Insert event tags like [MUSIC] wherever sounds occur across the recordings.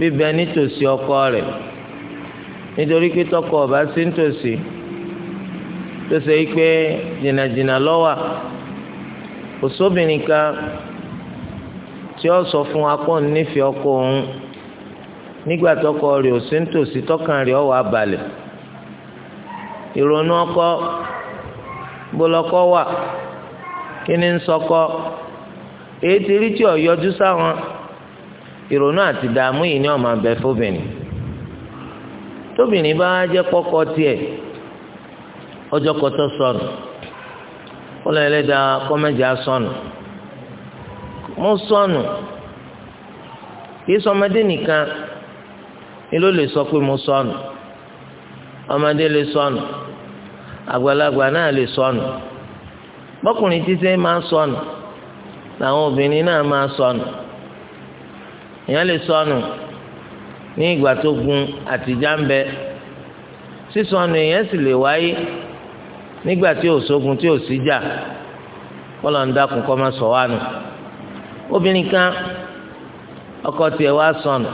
bíbẹ nítòsí ọkọ rẹ̀ nítorí pé tọkọ ọba sí nítòsí tó ṣe é pé jìnnàjìnnà lọ́wà òṣòbìnrin kan tí ó sọ fún akọ́ nífẹ̀ẹ́ ọkọ òun nígbà tọkọ rẹ̀ ò sí nítòsí tọkàn rẹ̀ ọwọ́ abalẹ̀ ìrònú ọkọ bólọkọ wà kí ni ń sọkọ èyí ti rí tí ó yọjú sáwọn. ìrònú àti dààmú yìí ni ó máa bẹ fóbìnrin tóbìnrin bá jẹ́ kọ́kọ́ tiẹ̀ ọjọ́ kọ́tọ́ sọnù kọ́lọ́ ẹlẹ́dàá kọ́mẹ́jà sọnù mo sọnù kì í sọmọdé nìkan ni ló lè sọ pé mo sọnù ọmọdé lè sọnù àgbàlagbà náà lè sọnù bọ́kùnrin títí máa sọnù làwọn obìnrin náà máa sọnù. èèyàn lè sọnù ní ìgbà tó gun àtijá ń bẹ sísọnù èèyàn sì lè wáyé nígbà tí ò sógun tí ò sí jà kọlọ̀ ń dákun kọ́ máa sọ wá nù obìnrin kan ọkọ tiẹ̀ wá sọnù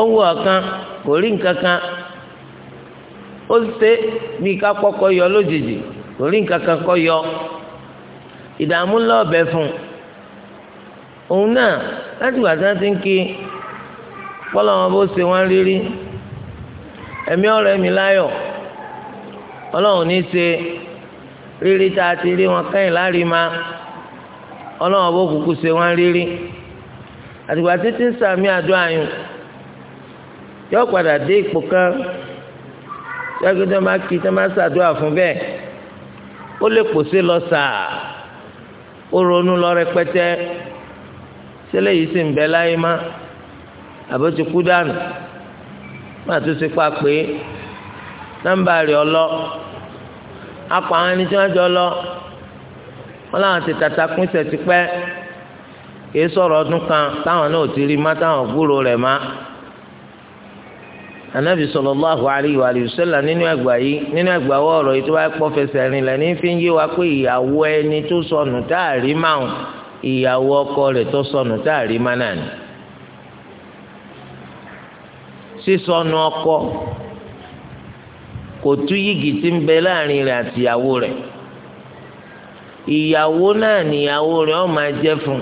ó ọ̀kan kò rí nǹkan kan ó ṣe bí ká yọ lójijì kò rí nǹkan kan kọ́ yọ ìdààmú lọ́ọ̀bẹ fún un òun náà láti ìgbà tí wọ́n ti ń kí bọ́lá wọn bó ṣe wọ́n rírí ẹ̀mí ọ̀rọ̀ ẹ̀mí láyọ̀ ọlọ́run ní ṣe rírí tá a ti rí wọn kẹ́yìn lárí ma ọlọ́run bó kúkú ṣe wọ́n rírí àtìgbà títí ń sàmì àdó àyùn yóò padà dé ipò kan ṣẹ́gun tó máa kí tó máa ṣàdúrà fún bẹ́ẹ̀ ó lè pòṣé lọ sàá ó ronú lọ rẹpẹtẹ. ṣẹlẹ̀ yìí sì ń bẹ láyé má àbó ti kú dànù má tó ṣe pa pé nọ́mbà rẹ̀ ọlọ akọ àwọn ẹni tí wọ́n jọ lọ wọn làwọn ti tata kún ti pẹ kìí sọ̀rọ̀ ọdún kan táwọn náà ti rí má táwọn gbúrò rẹ̀ má anabi sallallahu alayhi nínú ẹgbà yìí nínú ẹgbà wọọrọ yìí tó bá rìn fi ń yé wa pé ìyàwó ẹni tó sọnù máa ń. ìyàwó ọkọ rẹ̀ tó sọnù táàrí mánà ni sísọnù ọkọ kò tú yìgì tí ń bẹ láàrin rẹ̀ àti ìyàwó rẹ̀ ìyàwó náà níyàwó rẹ̀ ó máa jẹ́ fún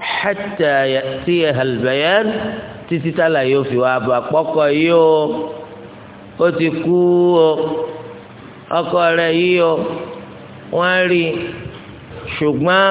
hatta ya'tiha al-bayan títí tálà yóò fi wá bá pọkọ yìí o ó ti kú o ọkọ rẹ̀ yìí o wọ́n rí ṣùgbọ́n.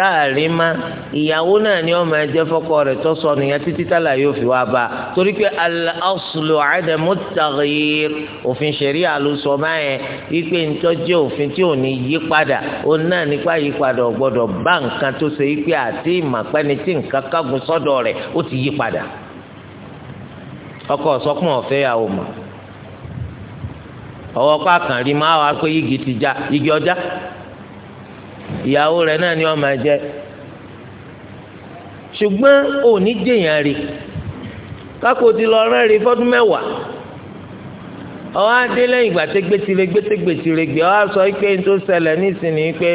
táàrí má ìyàwó náà ni ọmọ ẹjẹ fọkọ rẹ̀ tó sọ nìyẹn títí tálà yóò fi wá bá torí pé al-aslu adamu at-taghyir òfin ṣẹ̀ríà ló sọ báyẹn wípé ntọ́jú òfin tí ò ní yí padà òun náà nípa yí padà ò gbọ́dọ̀ bá nǹkan tó ṣe wípé àti ìmọ̀pẹ́ni tí nǹkan kágun sọ́dọ̀ ti yí padà ọkọ sọkùn ọ̀fẹ́ yàwó mọ̀ ọwọ́ pàkànrí máa wá pé igi ti já igi ọjà ìyàwó rẹ̀ náà ni wọ́n máa jẹ́ ṣùgbọ́n òní jèèyàn rí kákò ti lọ rán rí fọ́dún mẹ́wàá ọwọ́ adé lẹ́yìn ìgbà tẹ́ gbèsìlè gbèsè gbèsìlè gbé ọwọ́ sọ pé n tó ṣẹlẹ̀ nísìnyí pé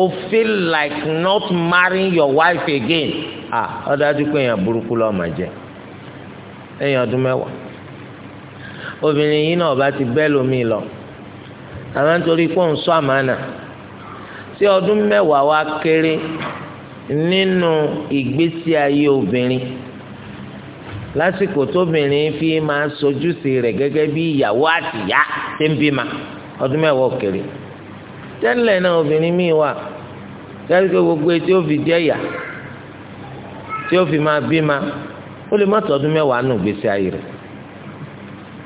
o feel like not marrying your wife again ah ọ̀dájú pé èèyàn burúkú lọ́ọ́ máa jẹ́ lẹ́yìn ọdún mẹ́wàá obìnrin yìí náà bá ti bẹ́ẹ̀ lómi lọ àwọn nítorí pé òun sọ àmàna. So tí ọdún mẹ́wàá wá kéré nínú ìgbésí ayé obìnrin lásìkò tóbìnrin fi máa sojúṣe rẹ̀ gẹ́gẹ́ bí ìyàwó àtìyá tí ń bímọ ọdún mẹ́wàá kéré tẹ́lẹ̀ náà obìnrin míì wà kẹ́ríkẹ́ gbogbo tí ó fi jẹ́ tí fi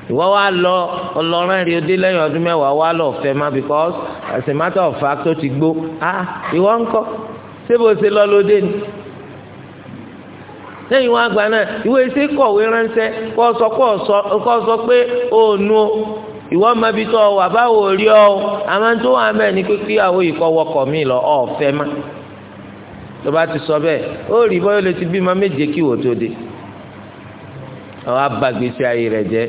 ìwọ wa lọ ọlọ́run rí odé lẹ́yìn ọdún mẹ́wàá wa lọ fẹ́ ma because as a matter of fact ó ti gbó ah ìwọ ń kọ́ síbo ṣe lọ lóde ni lẹ́yìn wọn àgbà náà ìwé ṣe kọ̀wé ránṣẹ́ kọ́ sọ kọ́ sọ pé òònu ìwọ ọmọ ibi tó wà báwo rí ọ àmọ́ tó wà mẹ́ẹ̀ ní pípí àwọn ìkọwọkọ̀ mi lọ ọ̀fẹ́ má tó bá ti sọ bẹ́ẹ̀ ó rí bọ́yọ̀ lè ti bímọ méje kí wò tó de àwọn abagbèsè ayé rẹ̀ jẹ́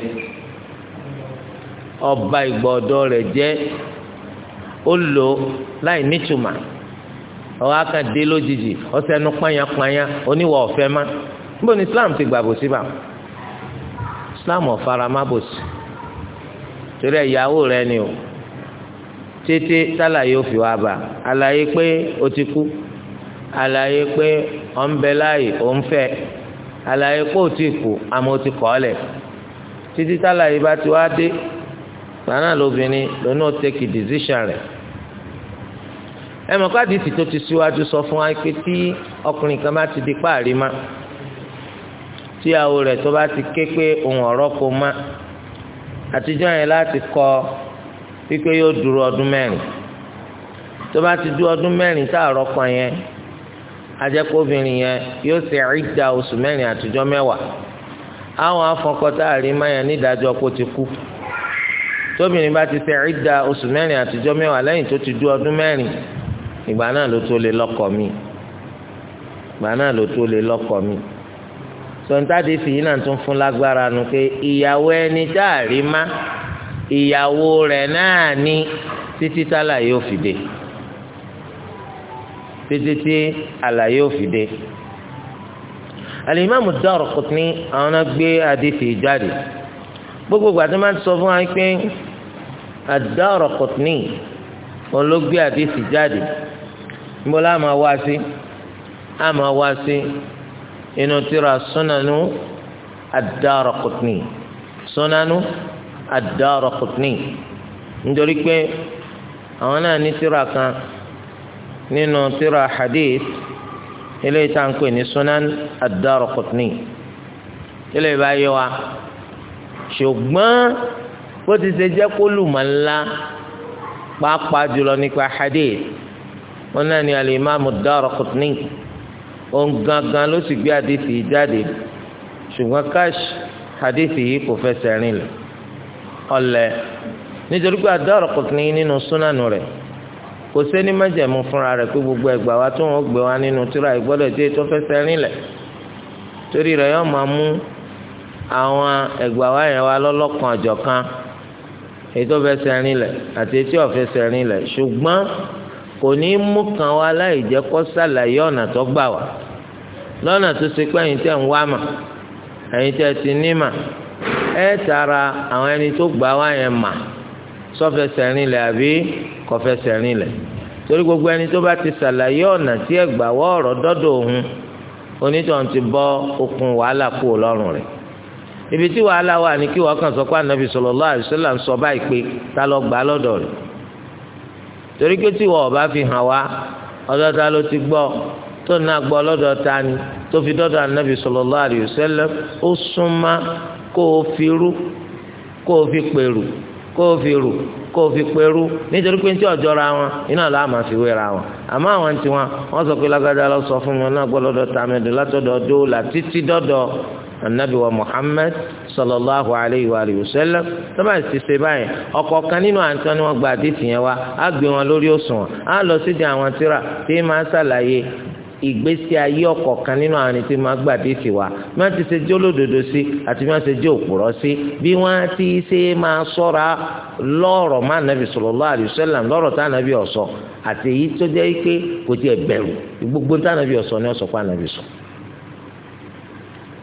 ọba ìgbà ọ̀dọ́ rẹ̀ jẹ́ ó lò láì nítumà ọwọ́ akadé lójijì ọsẹ ẹnu pányápányá oníwà ọ̀fẹ́ má níbo ni Islam ti gbà bòsí bá Islam ọ̀fara má bòsí torí ẹ̀yàwó rẹ ni o tètè tálàyé ó fi wá bá àlàyé pé ó ti kú àlàyé pé ó ń bẹ láàyè ó ń fẹ́ àlàyé pé ó ti kú àmọ́ ó ti kọ́ ọ lẹ̀ títí tálàyé bá ti wá dé gbaná lóbìnrin lónà ó tẹ́kì decision rẹ̀ ẹ mọ̀ ká àdìsí tó ti síwájú sọ fún wa pé tí ọkùnrin kan bá ti di páàrí má tíyàwó rẹ̀ tó bá ti ké pé òun ọ̀rọ̀ kò má àtijọ́ yẹn láti kọ wípé yóò dúró ọdún mẹ́rin tó bá ti dúró ọdún mẹ́rin tá àrọ́ kan yẹn ajẹ́kọ́bìnrin yẹn yóò ṣe ìdá oṣù mẹ́rin àtijọ́ mẹ́wàá àwọn afọkọ́tà àrímáyà nídàájọ́ kó ti kú tóbìnrin bá ti ṣe ìdá oṣù mẹ́rin àtijọ́ mẹ́wàá lẹ́yìn tó ti dú ọdún mẹ́rin ìgbà náà ló tó lè lọ́kọ mi ìgbà náà ló tó lè lọ́kọ mi sọ̀ńtàdé fìyí náà tún fún lágbára nu pé ìyàwó ẹni tá a rí má ìyàwó rẹ̀ náà ní títí tá àlàyé títí tí àlàyé ò fìdé Al-Imam àwọn gbé adé fìyí jáde gbogbo ìgbà tí wọ́n sọ fún wa pé Ad-Daraqutni òun ló gbé àdìsí jáde níbo la máa wá sí a máa wá sí inú tírà Sunanu Ad-Daraqutni Sunanu Ad-Daraqutni nítorí pé àwọn náà ní tírà kan nínú tírà hadith eléyìí tá ní Sunan Ad-Daraqutni eléyìí bá yẹ wa ṣùgbọ́n bó ti ṣe jẹ́ kó lùmọ̀ ńlá pàápàá jùlọ nípa hadith wọn náà ní alimami Daraqutni òun gangan ló sì gbé hadith yìí jáde ṣùgbọ́n káṣ hadith yìí kò fẹsẹ̀ rìn lọ ọ̀lẹ́ nítorí pé Daraqutni nínú súnánù rẹ̀ kò sẹ́ni májẹ̀mú fúnra rẹ̀ pé gbogbo ẹgbà wa tó wọn gbé wa nínú tíra ìgbọ́dọ̀ tí ètò fẹsẹ̀ rìn lẹ̀ torí rẹ̀ yóò máa mú àwọn ẹgbàá wa yẹn wa lọ́lọ́kan ọ̀jọ̀kan ètò fẹsẹ̀ rin lẹ̀ àti etí ọ̀fẹsẹ̀ rin lẹ̀ ṣùgbọ́n kò ní mú kan wa láì jẹ́ kó ṣàlàyé ọ̀nà tó gbà wá lọ́nà tó ṣe pé ẹ̀yin tẹ́ ń wá mà ẹ̀yin tẹ́ ti ní mà ẹ̀ tara àwọn ẹni tó gbà wá yẹn mà sọ́fẹsẹ̀ rin lẹ̀ àbí kọ́fẹsẹ̀ rin lẹ̀ torí gbogbo ẹni tó bá ti ṣàlàyé ọ̀nà tí ẹ̀gbà wọ́ ọ̀rọ̀ dọ́dọ̀ òun onítọ̀hún ti bọ́ okùn wàhálà kúrò lọ́rùn rẹ̀ ibi tí wàhálà wà ní kí wọ́n kàn sọ pé ànábì sallallahu alaihi wasallam ń sọ báyìí pé ta ló gbà lọ́dọ̀ rẹ̀ torí pé tí wọ́n ọba fi hàn wá ọ̀dọ̀ ta ló ti gbọ́ tó ní agbọ́ lọ́dọ̀ ta ni tó fi dọ́dọ̀ ànábì sallallahu alaihi wasallam ó súnmá kó o fi rú kó o fi pèrú kó o fi rù kó o fi pèrú nítorí pé ní tí ọjọ́ ra wọn iná làá máa fi wéra wọn àmọ́ àwọn tiwọn wọ́n sọ pé lágbájá lọ sọ fún wọn náà gbọ́ lọ́dọ̀ ta látọ̀dọ̀ dóòlà títí dọ́dọ̀ anabi wa muhammed sallallahu alayhi wa sallam sábà ti ṣe báyìí ọ̀kọ̀ọ̀kan nínú àǹtí wọn gba àdìsí yẹn wá á gbé wọn lórí òṣùwọ̀n á lọ sídi àwọn tíra tí máa ṣàlàyé ìgbésí ayé ọ̀kọ̀ọ̀kan nínú àwọn tí máa gba àdìsí wa bí wọ́n ti ṣe jẹ́ olódodo sí àti bí wọ́n ṣe jẹ́ òpùrọ́ sí bí wọ́n ti ṣe máa sọ́ra lọ́rọ̀ má nàbì sallallahu alayhi wa sallam lọ́rọ̀ tá nàbì ọ̀sọ́ àti èyí tó jẹ́ pé kò tiẹ̀ bẹ̀rù gbogbo tá nàbì ọ̀sọ́ ni ọ̀sọ́ pa nàbì sọ̀rọ̀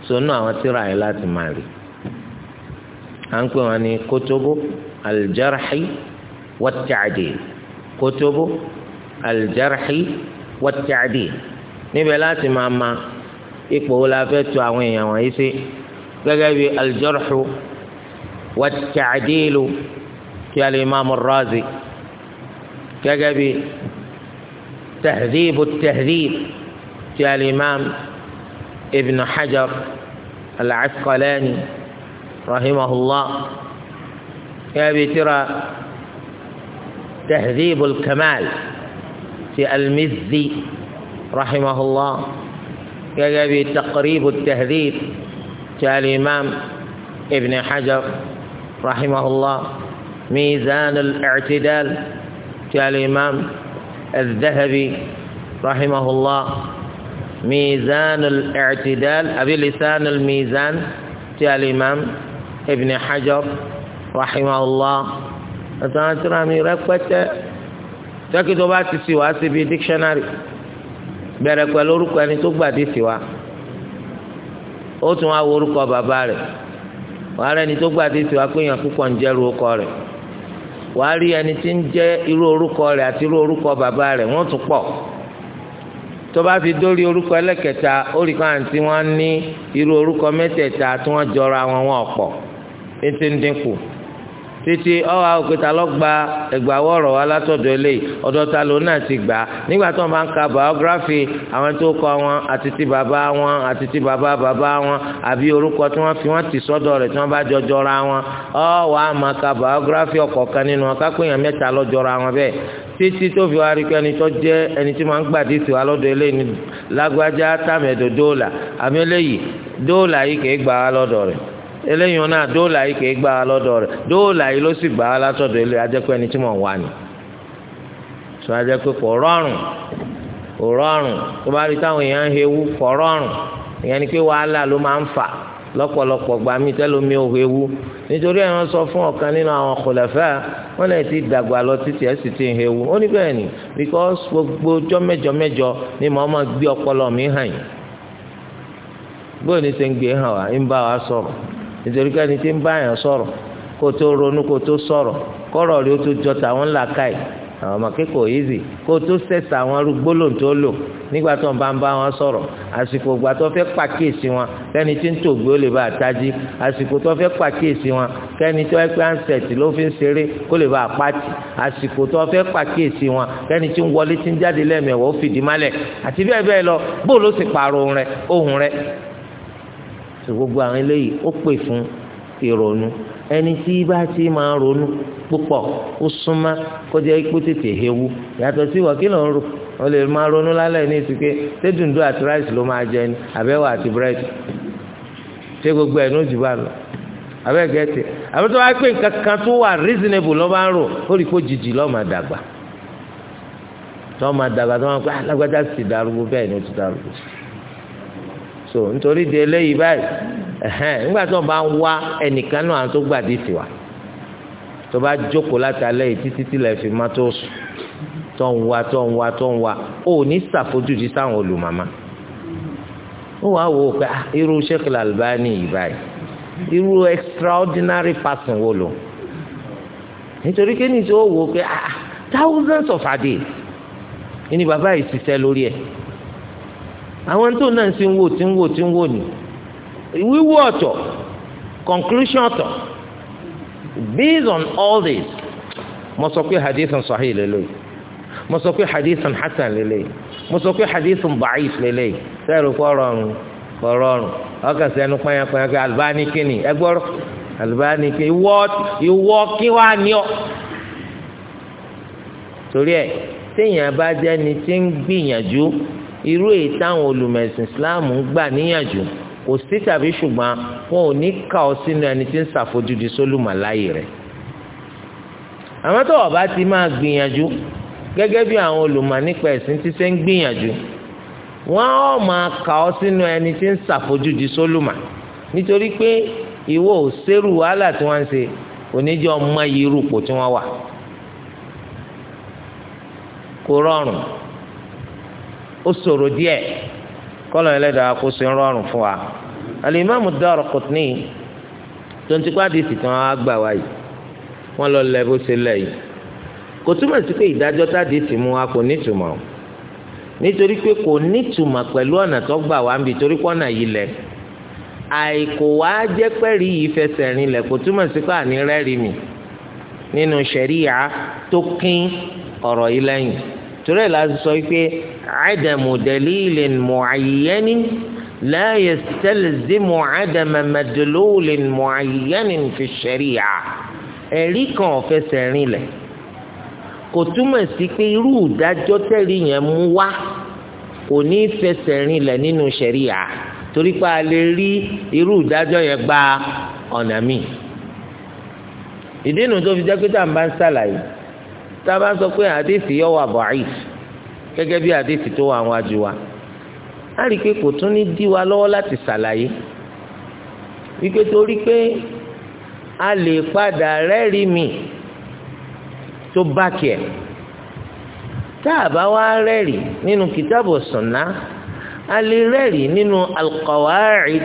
sọnù àwọn tíra yẹn láti máa rí à ń pè wọn ní kótóbó aljarhi wàtàdé kótóbó aljarhi wàtàdé níbẹ̀ láti máa ma ipò wo la fẹ́ tu àwọn èèyàn wọ̀nyí sí gẹ́gẹ́ bí aljarhu wàtàdélu kí alimami razi gẹ́gẹ́ bí tahdibu tahdib kí alimami ibn hajar. العسقلاني رحمه الله يا بترى تهذيب الكمال في المزي رحمه الله يا جابي تقريب التهذيب في الإمام ابن حجر رحمه الله ميزان الاعتدال في الإمام الذهبي رحمه الله mizanul i'tidal àbí lisanul mizan ti alimam ibn hajar rahimahullah àtàwọn tíra mi rẹpẹtẹ tẹ́kì tó bá ti sì wá síbi dictionary bẹ̀rẹ̀ pẹ̀lú orúkọ ẹni tó gbàdí sí wa ó tún wá wo orúkọ bàbá rẹ̀ wàá rẹ̀ ẹni tó gbàdí sí wa pé èèyàn púpọ̀ ń jẹ́rú ọkọ rẹ̀ wàá rí ẹni tí ń jẹ́ irú orúkọ rẹ̀ àti irú orúkọ bàbá rẹ̀ wọ́n tún pọ̀ tó bá fi dórí orúkọ ẹlẹ́kẹta ó rí kan àǹtí wọn ní irú orúkọ mẹ́tẹ̀ẹ̀ta tí wọ́n jọra wọn wọn ọ̀pọ̀ ètò ń dínkù títí ọwọ àwòkúta lọgba ẹgbàwọ ọ̀rọ̀ wa látọ̀dọ̀ eléyìí ọ̀dọ̀ ta ló náà ti gbà nígbà tó máa ń ka biography àwọn tó kọ wọn àti ti bàbá wọn àti ti bàbá bàbá wọn àbí orúkọ tí wọn fi wọn ti sọ́dọ̀ rẹ̀ tí wọn bá jọjọra wọn ọwọ àmà ka biography ọ̀kọ̀ọ̀kan nínú wọn kápẹ́yàn mẹ́ta lọ́jọra wọn bẹ́ẹ̀ títí tó fi wá rí pé ẹni tó jẹ́ ẹni tí máa ń gbàdí tiwa lọ́dọ̀ eléyìí lágbájá tàmẹ̀dọ̀ dóòlà àmì eléyìí dóòlà yìí kì í gbà á lọ́dọ̀ rẹ̀ eléyìí náà dóòlà yìí kì í gbà á lọ́dọ̀ rẹ̀ dóòlà yìí ló sì gbà á látọ̀dọ̀ ilé ajẹ́pẹ́ ẹni tí mò wà ní. sọ ajẹ́pẹ́ kò rọrùn kò tó bá rí táwọn èèyàn ń ìyẹn ni pé wàhálà ló máa ń fà lọ́pọ̀lọpọ̀ mi tẹ́lómi ò hewu nítorí ẹ̀ wọ́n sọ fún ọ̀kan nínú àwọn lè ti dàgbà lọ títí ti hewu ó ní bẹ́ẹ̀ ni because gbogbo mẹ́jọ ni ma gbé ọpọlọ mi hàn yín bóyá ní sẹ́ ń gbé nítorí pé ẹni tí ń bá yàn sọ̀rọ̀ kó tó ronú kó tó sọ̀rọ̀ kọ́rọ̀ rí ó tó jọ tàwọn ńlá káì àwọn ọmọ kékeré yìí kó tó sẹ̀sà àwọn arúgbólò tó lò nígbà tó ń bá ń bá wọn sọ̀rọ̀ àsìkò ìgbà tó fẹ́ pàkíyèsí wọn kẹ́ni tí ń tògbé ó lè bá àtàjì àsìkò tó fẹ́ pàkíyèsí wọn kẹ́ni tó ẹ ansẹ̀tì ló fi ń ṣeré kó lè bá àpáàtì àsìkò tó fẹ́ pàkíyèsí wọn kẹ́ni tí ń wọlé tí ń jáde lẹ́mẹ̀wọ̀ fìdí málẹ̀ àti bẹ́ẹ̀ bẹ́ẹ̀ lọ bó sì pààrọ̀ ohun rẹ̀ ohun rẹ̀ sọ gbogbo àwọn eléyìí ó pè fún ìrònú ẹni tí bá ti máa ronú púpọ̀ ó súnmọ́ kó jẹ́ ipò tètè hewu yàtọ̀ sí wọ́n kí ló ń rò ó lè máa ronú lálẹ́ ní ìsìké ṣé dùndú àti ráìsì ló máa jẹ ni àbẹ́wò àti búrẹ́dì ṣé gbogbo ẹ̀ ní oṣù bá lọ àbẹ́gẹ́tì àbí wá pé nǹkan kan tó wà reasonable lọ́ bá ń rò ó rí i kó jìjì lọ́ọ́ máa dàgbà tó máa dàgbà tó máa pẹ́ alágbádá ah, sì darúgbó bẹ́ẹ̀ ni ó ti darúgbó sí i so nítorí di eléyìí báyìí ẹ̀hẹ́n nígbà tó bá ń wá ẹnìkan náà àwọn tó gbàdí tiwa tó bá jókòó láti alẹ́ yìí títí tí lẹ́ẹ̀ fi má tó sùn tó ń wá tó ń wá tó ń wá ó ní ṣàfojúdi sáwọn olùmọ̀mọ́ ó wàá wò ó pé ah, irú Sheikh al yìí báyìí irú extraordinary person wo lò nítorí kí ni tí ó wò ó pé ah, thousands of hadith ni bàbá yìí ṣiṣẹ́ lórí ẹ̀ àwọn tó náà sì ń wò tí ń wò tí ń wò ní wíwò ọ̀tọ̀ conclusion ọ̀tọ̀ based on all this mo sọ pé hadithan sahih lélẹ́yìí mo sọ pé hadithan hasan lélẹ́yìí mo sọ pé hadithan ba'if lélẹ́yìí sẹ́ẹ̀rù kọ́rọ̀rùn kọ́rọ̀rùn ọkàn sẹ́nu pẹ́yàpẹ́yà pé albani kìíní ẹgbọ́rọ̀ albani kìíní ìwọ kí wàá ní ọ. torí ẹ téèyàn bá jẹ́ ni tí ń gbìyànjú irú èyí táwọn olùmẹ̀sìn islam ń gbà níyànjú kò sí tàbí ṣùgbọ́n wọn ò ní kà ọ́ sínú ẹni tí ń ṣàfojúdi sólùmọ̀láyè rẹ̀ àmọ́ tó o bá ti máa gbìyànjú gẹ́gẹ́ bí àwọn olùmọ̀ nípa ẹ̀sìn ti ṣe ń gbìyànjú wọ́n á máa kà ọ́ sínú ẹni tí ń ṣàfojúdi sólùmọ̀ nítorí pé ìwọ ò sẹ́rù wàhálà tí wọ́n ń ṣe oníjọ́ ọmọ yìí rúpò tí wọ́n wà kò rọrùn ó ṣòro díẹ̀ kọ́lọ̀ ẹlẹ́dàá kó ṣe ń rọrùn fún wa alimami Daraqutni tó ń ti pa àdìsí tí wọ́n á gbà wá yìí wọ́n lọ lẹ bó ṣe lẹ yìí kò túmọ̀ sí pé ìdájọ́ táàdì sì mú wa kò nítumọ̀ nítorí pé kò nítumọ̀ pẹ̀lú ọ̀nà tó gbà wá ń bi torí pọ́nà yìí lẹ̀ àìkò wá jẹ́ pẹ́rì yìí fẹsẹ̀ rin lẹ̀ kò túmọ̀ sí pé àní rẹ́rìí mi nínú ṣẹ̀ríyà tó kín ọ̀rọ̀ yìí lẹ́yìn torí ẹ̀ láti sọ pé àdàmù dẹ̀lílì mọ̀ọ́yẹ́ni láàyè sẹ́lẹ̀zìmọ̀ àdàmù mẹ́dẹ̀lólì mọ̀ọ́yẹ́ni fi ṣẹ̀ríà ẹ̀rí kan ò fẹsẹ̀ rinlẹ̀ kò túmọ̀ sí pé irú ìdájọ́ tẹ̀rí yẹn mú wá kò ní fẹsẹ̀ rinlẹ̀ nínú ṣẹ̀ríà torí pé lè rí irú ìdájọ́ yẹn gba ọ̀nà míì ìdí nu tó fi jẹ́ pé tá à ń bá ń ṣàlàyé tá a bá sọ pé àdéhìí yọ wà bọ̀ọ̀ì gẹ́gẹ́ bí àdéhìí tó wà wájú wa á rí i pé kò tún ní dí wa lọ́wọ́ láti ṣàlàyé wípé torí pé a lè padà rẹ́rìí mi tó bá kìí tá a bá wá rẹ́rìí nínú kìtàbù sùnà a lè rẹ́rìí nínú alqawaid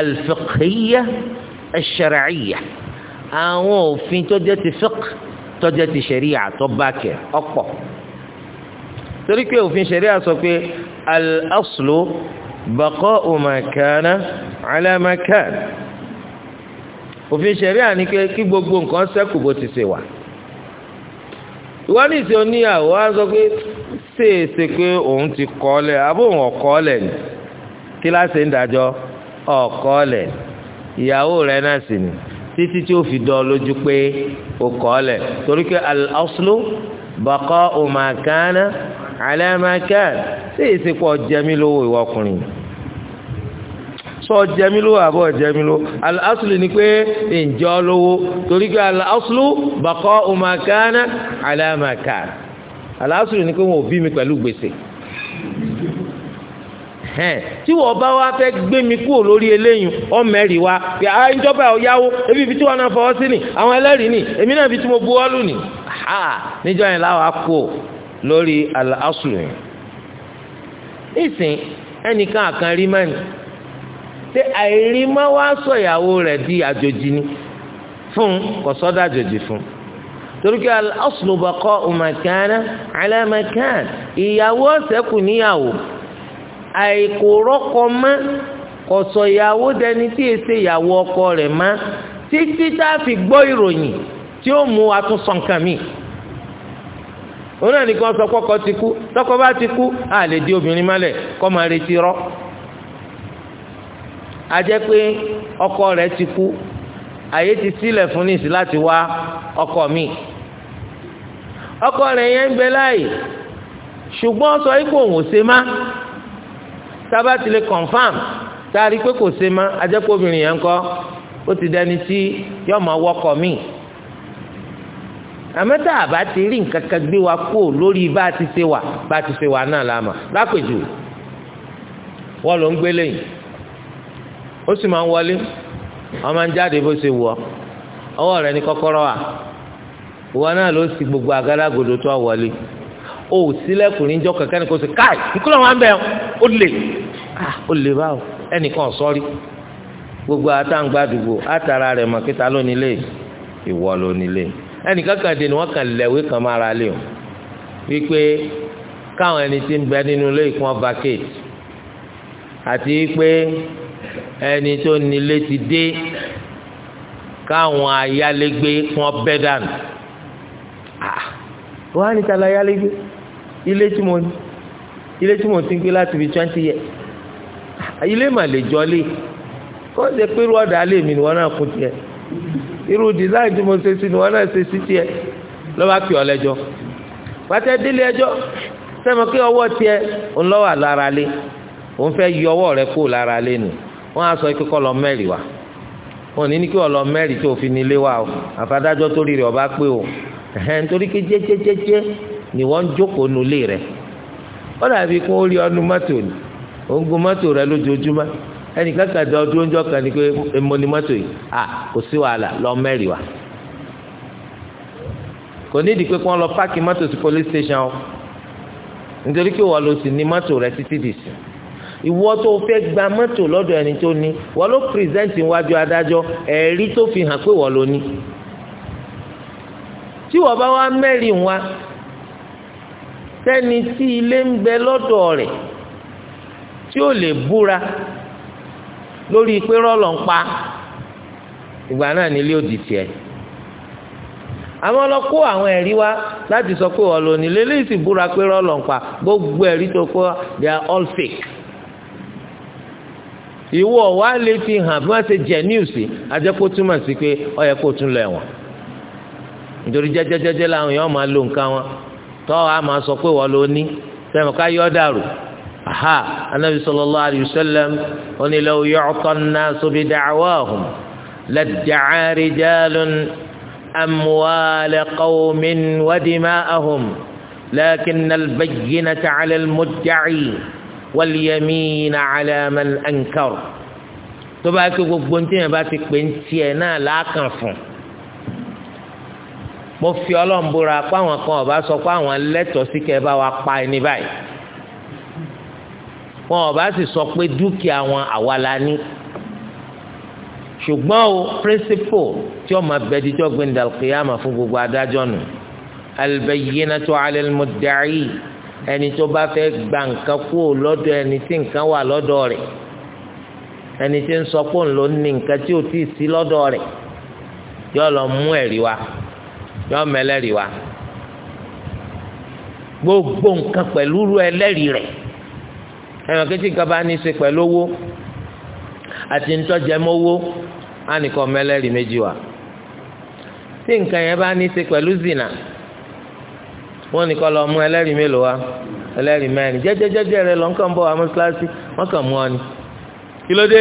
alfiqhiyya alshar'iyya àwọn òfin tó jẹ́ ti fiqh tọ́jẹ́ ti ṣẹ̀ríà tó bá kẹ̀ ọ̀pọ̀ torí pé òfin ṣẹ̀ríà sọ pé al-aslu baqa'u ma kana ala ma kana òfin ṣẹ̀ríà ní pé kí gbogbo nǹkan ṣẹ́kù bó ti ṣe wà ìwádìí ìṣe oníyàwó á sọ pé ṣèèṣe pé òun ti kọ́ lẹ̀ àbó òun ọ̀kọ́ lẹ̀ ni kí ń dájọ́ ọ̀kọ́ lẹ̀ ìyàwó rẹ̀ náà sì ni títí tí ó fi dọ̀ lójú pé ó kọ́ lẹ̀ torí pé al-aslu baqa'u ma kana ala ma kana ṣé ìsìnkú ọ̀jẹ̀mí lówó ìwọ ọkùnrin sọ ọ̀jẹ̀mí lówó àbọ̀ ọ̀jẹ̀mí lówó al-aslu ni pé ǹjọ́ lówó torí pé al-aslu baqa'u ma kana ni pé wọn ò bí mi pẹ̀lú gbèsè ẹ̀hẹ́n tí wọ́n bá wá fẹ́ gbé mi kúrò lórí eléyìí ọmọ ẹ̀rì wa ah, ìjọba ọ̀yáwó ebi ibi tí wọ́n náà fọwọ́ sí ni àwọn ẹlẹ́rìí ni èmi náà ibi tí mo bu ọ́ lù ni níjọ́ yẹn láwa kú lórí al-aslu yẹn nísìn ẹnìkan àkànrí mẹ́ni ṣé àìrí má wá sọ ìyàwó rẹ̀ di àjòjì ni fún kò sọ́dọ̀ àjòjì fún torí kí al-aslu baqa'u makana ala makan ìyàwó ọ̀sẹ̀ kù níyàwó àìkò rọ́kọ mọ́ kọ̀sọ̀ ìyàwó dẹni tí è ṣe ìyàwó ọkọ rẹ̀ mọ́ títí tá a fi gbọ́ ìròyìn tí ó mú atúnṣan kan mi òun náà nìkan sọ kọ́kọ́ ti kú tọ́kọ bá ti kú a lè di obìnrin mọ́lẹ̀ kọ́ máa retí rọ́ a jẹ́ pé ọkọ rẹ̀ ti kú àyè ti sílẹ̀ fún níìsí láti wá ọkọ mi ọkọ rẹ̀ yẹn ń bẹ láàyè ṣùgbọ́n sọ ikú òun ò ṣe má sábà ti lè confam taari pé kò ṣe ma ajẹ́pọ̀ obìnrin yẹn kọ́ ó ti dẹni tí yọ máa wọkọ̀ míì àmọ́tà àbá ti rí nǹkan kan gbé wa kó lórí bá a ti ṣe wà bá a ti ṣe wà náà láàmà lápèjù wọ́n ló ń gbé lẹ́yìn ó sì máa ń wọlé wọ́n máa ń jáde bó ṣe wù ọ́ ọwọ́ rẹ̀ ní kọ́kọ́rọ́ wà ìwọ náà ló sì gbogbo àgádágodo tó wọlé o ò sílẹ̀kùn ní jọ kankan kó o sì káì nkúlọ̀ wọn bẹ̀ ó lè ah, ó lè báwo ẹnìkan sọ́rí gbogbo àtàǹgbàdùgbò àtàrà rẹ̀ mọ̀ kíta lónílé ìwọ lónílé ẹnìkan kan dè ní wọ́n kàn lẹ̀wé kan mára lé o wípé káwọn ẹni tí ń bẹ nínú ilé ìkún vacate àti wípé ẹni tó nílé ti dé káwọn ayálégbé kún ọbẹ̀ dànù ah, wọ́n á níta la ayálégbé. ilé tí mo ilé tí mo ti ń gbé láti fi twenty years ilé mà lè jọlé kó ṣe pé irú ọ̀dà alẹ́ mi ni wọ́n náà kún tiẹ̀ irú design tí mo ṣe sí ni wọ́n náà ṣe sí tiẹ̀ lọ́ba pè ọ́ lẹ́jọ́ pàtẹ́ délé ẹjọ́ sẹ́mi pé ọwọ́ tiẹ̀ ń lọ́wọ́ lára lé òun fẹ́ yọ ọwọ́ rẹ kó lára lé nu wọ́n á sọ pé kọ́ lọ wa wọn ní ní kí ọlọ mẹ́rin tó fi nílé wa o àfàdájọ́ torí rẹ̀ ọba pé o ẹ̀hẹ́n torí jẹ́jẹ́jẹ́jẹ́ ni wọ́n ń jókòó nulẹ̀ rẹ̀ ó dàbí kó rí ọdún mọ́tò ni oògùn mọ́tò rẹ̀ lójoojúmọ́ ẹnì kankan jọ dúró ńjọ kan ni pé èmo ni mọ́tò yìí à kò sí wàhálà lọ mẹ́rì wa kò nídìí pé kí wọ́n lọ páàkì mọ́tò sí police station o nítorí pé wọ́n lọ sí ní mọ́tò rẹ̀ títí dìsí ìwọ tó fẹ́ gba mọ́tò lọ́dọ̀ ẹni tó ní wọ́n ló pírẹsẹ̀ǹtì wájú adájọ́ ẹ̀rí tó fi hàn pé wọ́n ló ní tí wọ́n bá wá mẹ́rin wa sẹ́ni tí ilé ń bẹ lọ́dọ̀ rẹ̀ tí ó lè búra lórí pé rọ́lọ̀ ń pa ìgbà náà nílé òdì tiẹ̀ àmọ́ lọ kó àwọn ẹ̀rí wá láti sọ pé ọ̀lọ́ nílé lè sì búra pé rọ́lọ̀ ń pa gbogbo ẹ̀rí tó kọ́ they are all fake ìwọ wa lè fi hàn bí wọ́n ṣe jẹ níùsì ajẹ́kó túmọ̀ sí pé ó yẹ kó tún lọ ẹ̀wọ̀n nítorí jẹ́jẹ́jẹ́jẹ́ làwọn èèyàn máa lo nǹkan wọn tọ́ a máa sọ pé wọ́n ló ní sẹ́mi ká yọ dàrú aha anabi sallallahu alayhi wa sallam oní law yu'ta an-nasu bi da'wahum ladda'a rijalun أموال قوم ودماءهم لكن البينة على المدعي واليمين على من أنكر tó bá kí gbogbo ntí bá ti pè ń náà láàkàn fún un mo fi ọlọ́run búra páwọn kan ọba sọ páwọn lẹ́tọ̀ọ́ sí kẹ́ ẹ bá wa pa ẹni báyìí wọn ọba sì sọ pé dúkìá wọn àwa la ní ṣùgbọ́n o pírísípò tí ọmọ abẹ́díjọ́ gbẹ̀ndàlùkìyàmà fún gbogbo adájọ́ nù albayyinatu ala al-mudda'i ẹni tó bá fẹ́ gba nǹkan kúrò lọ́dọ̀ ẹni tí nǹkan wà lọ́dọ̀ rẹ̀ ẹni tí ń sọ pé òun ló ní nǹkan tí ò tíì sí lọ́dọ̀ rẹ̀ yóò lọ mú ẹ̀rí wá yọ mẹlẹ́rìí wa gbogbo nǹkan pẹ̀lú rú kejì owó àti ntọ́jẹmọ́wó méjì wa tí nǹkan yẹn bá ní ṣe zina nìkan lọ mú mélòó wa rẹ lọ nǹkan bọ̀ àmọ́ kíláàsì wọ́n kàn mú ọ ni kí ló dé